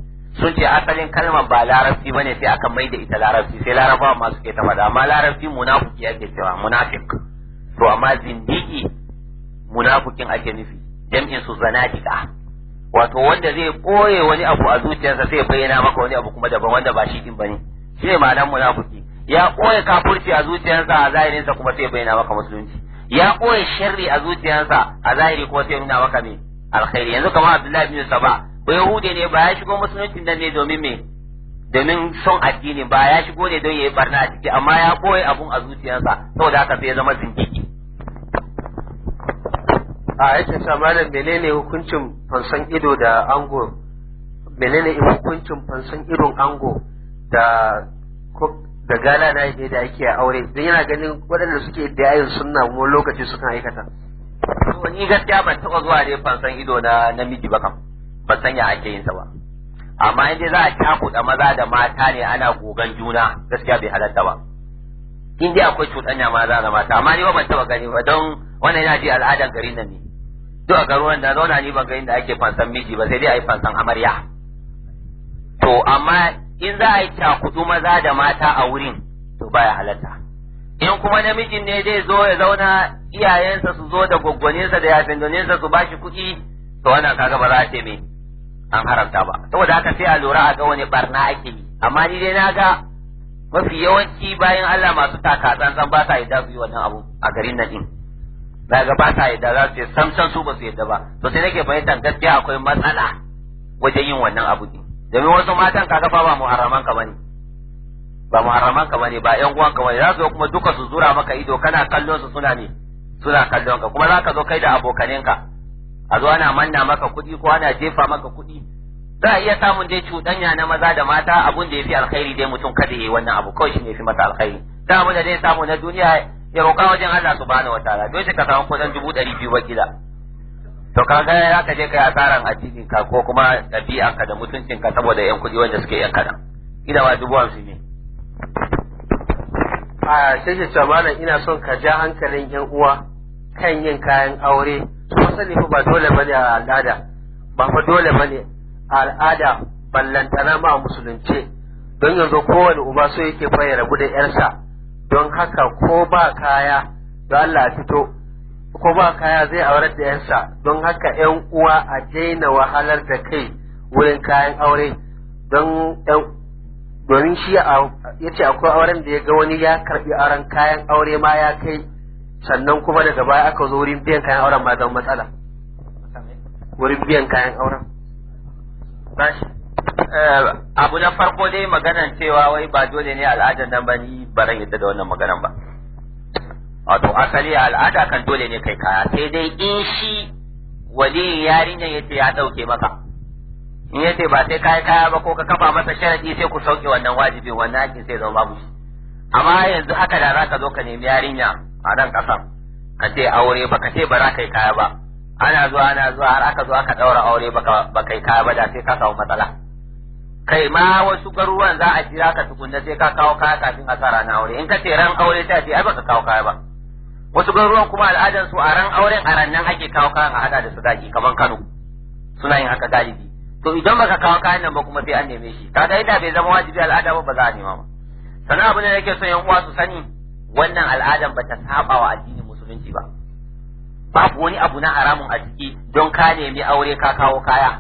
sun ce asalin kalmar ba larabci bane sai aka maida ita larabci sai larabawa ma suke ta faɗa amma larabci munafiki ake cewa munafik to amma zindiki munafikin ake nufi jam'in su zanatika wato wanda zai koye wani abu a zuciyarsa sai bayyana maka wani abu kuma daban wanda ba shi din bane shi ne ma'anar munafiki ya koye kafurci a zuciyarsa a zahirinsa kuma sai bayyana maka musulunci ya koye sharri a zuciyarsa a zahiri kuma sai nuna maka ne alkhairi yanzu kamar Abdullahi bin sabah ba hude ne ba ya shigo musuluncin nan ne domin me domin son addini ba ya shigo ne don yayi barna a ciki amma ya koyi abun a zuciyarsa saboda haka sai ya zama zindiki a yake sa malam menene hukuncin fansan ido da ango menene hukuncin fansan idon ango da da gala na yake da ake a aure don yana ganin waɗanda suke da yayin sunna wani lokaci sukan aikata. To ni gaskiya ban taɓa zuwa ne fansan ido na namiji ba kam. ba san ya ake yin sa ba amma in dai za a cakuɗa maza da mata ne ana gogan juna gaskiya bai halatta ba in dai akwai cuɗanya maza da mata amma ni ba ban taɓa gani ba don wannan yana ji al'adan garin nan ne duk a garuruwan da zauna ni ban gani da ake fansan miji ba sai dai a yi fansan amarya to amma in za a yi cakuɗu maza da mata a wurin to baya halatta in kuma namijin ne zai zo ya zauna iyayensa su zo da gwaggwaninsa da yafindoninsa su bashi kuɗi to wannan kaga ba za a ce me an haramta ba saboda haka sai a lura a ga wani barna ake yi amma ni dai na ga mafi yawanci bayan Allah masu taka tsantsan ba sa yadda su yi wannan abu a garin nan din na ga ba sa yadda za su yi samsan su ba su yadda ba to sai nake fahimtar gaskiya akwai matsala wajen yin wannan abu din domin wasu matan kaga fa ba muharraman ka bane ba muharraman ka bane ba yan uwan ka bane za su kuma duka su zura maka ido kana kallon su suna ne suna kallon ka kuma za ka zo kai da ka. a zo ana manna maka kuɗi ko ana jefa maka kuɗi za a iya samun dai cuɗanya na maza da mata abun da ya fi alkhairi dai mutum kada ya yi wannan abu kawai shi ne fi masa alkhairi da abun da zai samu na duniya ya roƙa wajen Allah bani wata ra dole ka samu kuɗin dubu ɗari biyu wakila to ka ga ya ka je kai asaran addinin ka ko kuma ɗabi'an ka da mutuncin ka saboda yan kuɗi wanda suke yan kaɗan ina ba dubu hamsin ne. a shi ce ina son ka ja hankalin yan uwa kan yin kayan aure fa ba dole bane a al'ada ba fa dole bane a al'ada ballantana ma musulunce don yanzu kowane uba so yake fa rabu da yarsa don haka ko ba kaya don Allah fito ko ba kaya zai aurar da yarsa don haka yan uwa a daina wahalar da kai wurin kayan aure don domin shi ya ce akwai auren da ya ga wani ya karbi auren kayan aure ma ya kai sannan kuma daga baya aka zo wurin biyan kayan auren ba don matsala wurin biyan kayan auren eh, abu na farko dai maganan cewa wai ba dole ne al'adar nan ba ni baran yadda da wannan maganan ba wato asali al'ada kan dole ne kai kaya sai dai in shi wali yarinyar yace ya dauke maka in yace ba sai kai kaya ba ko ka kafa masa sharadi sai ku sauke wannan wajibi wannan hakin sai zama babu amma yanzu haka da zaka zo ka nemi yarinya a nan ƙasan ka ce aure ba ka ce ba za ka yi kaya ba ana zuwa ana zuwa har aka zo aka ɗaura aure ba yi kaya ba da sai ka samu matsala kai ma wasu garuruwan za a jira ka tukunna sai ka kawo kaya kafin a tsara na aure in ka ce ran aure ta ce ai baka kawo kaya ba wasu garuruwan kuma al'adar su a ran auren a rannan ake kawo kayan a hada da su daji kamar Kano suna yin haka galibi to idan baka kawo kayan nan ba kuma sai an neme shi kaga idan bai zama wajibi al'ada ba ba za a nema ba sannan abin da yake son yan uwa su sani wannan al'adan ba ta saba wa addinin musulunci ba babu wani abu na haramun a ciki don ka nemi aure ka kawo kaya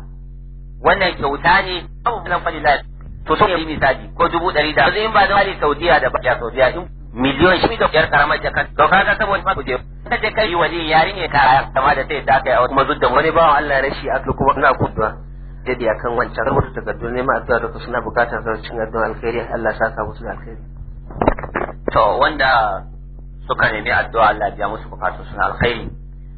wannan kyauta ne abu nan fadi lafi to so ne misali ko dubu ɗari da in ba da wani saudiya da bakiya saudiya in miliyon shi da biyar karamar jakan to ga saboda ba kuje ta je kai wani yari ne kaya kama da sai da kai a kuma zudda wani bawan Allah rashi aka kuma ina kudwa dadi akan wancan rubuta takardu ne ma addu'a da suna bukatar zarcin addu'a alkhairi Allah saka musu alkhairi to wanda suka nemi addu'a Allah ya musu bukatun suna alkhairi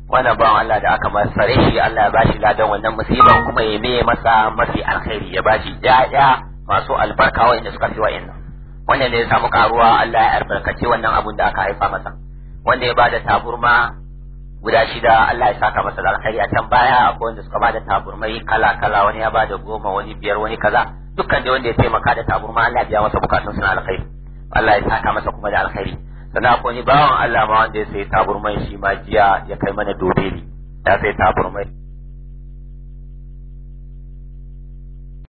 wanda ba Allah da aka masa rashi Allah ya bashi ladan wannan musiban kuma ya me masa mafi alkhairi ya bashi ya'ya masu albarka inda suka fi nan wanda ne ya samu karuwa Allah ya albarkace wannan abun da aka haifa masa wanda ya bada taburma guda shida Allah ya saka masa alkhairi a can baya akwai wanda suka bada taburmai kala kala wani ya bada goma wani biyar wani kaza dukkan da wanda ya taimaka da taburma Allah ya biya masa bukatun suna alkhairi Allah ya saka masa kuma da alkhairi sannan akwai bawan Allah ma wanda ya sai taburmai shi ma jiya ya kai mana dobe ne ya sai taburmai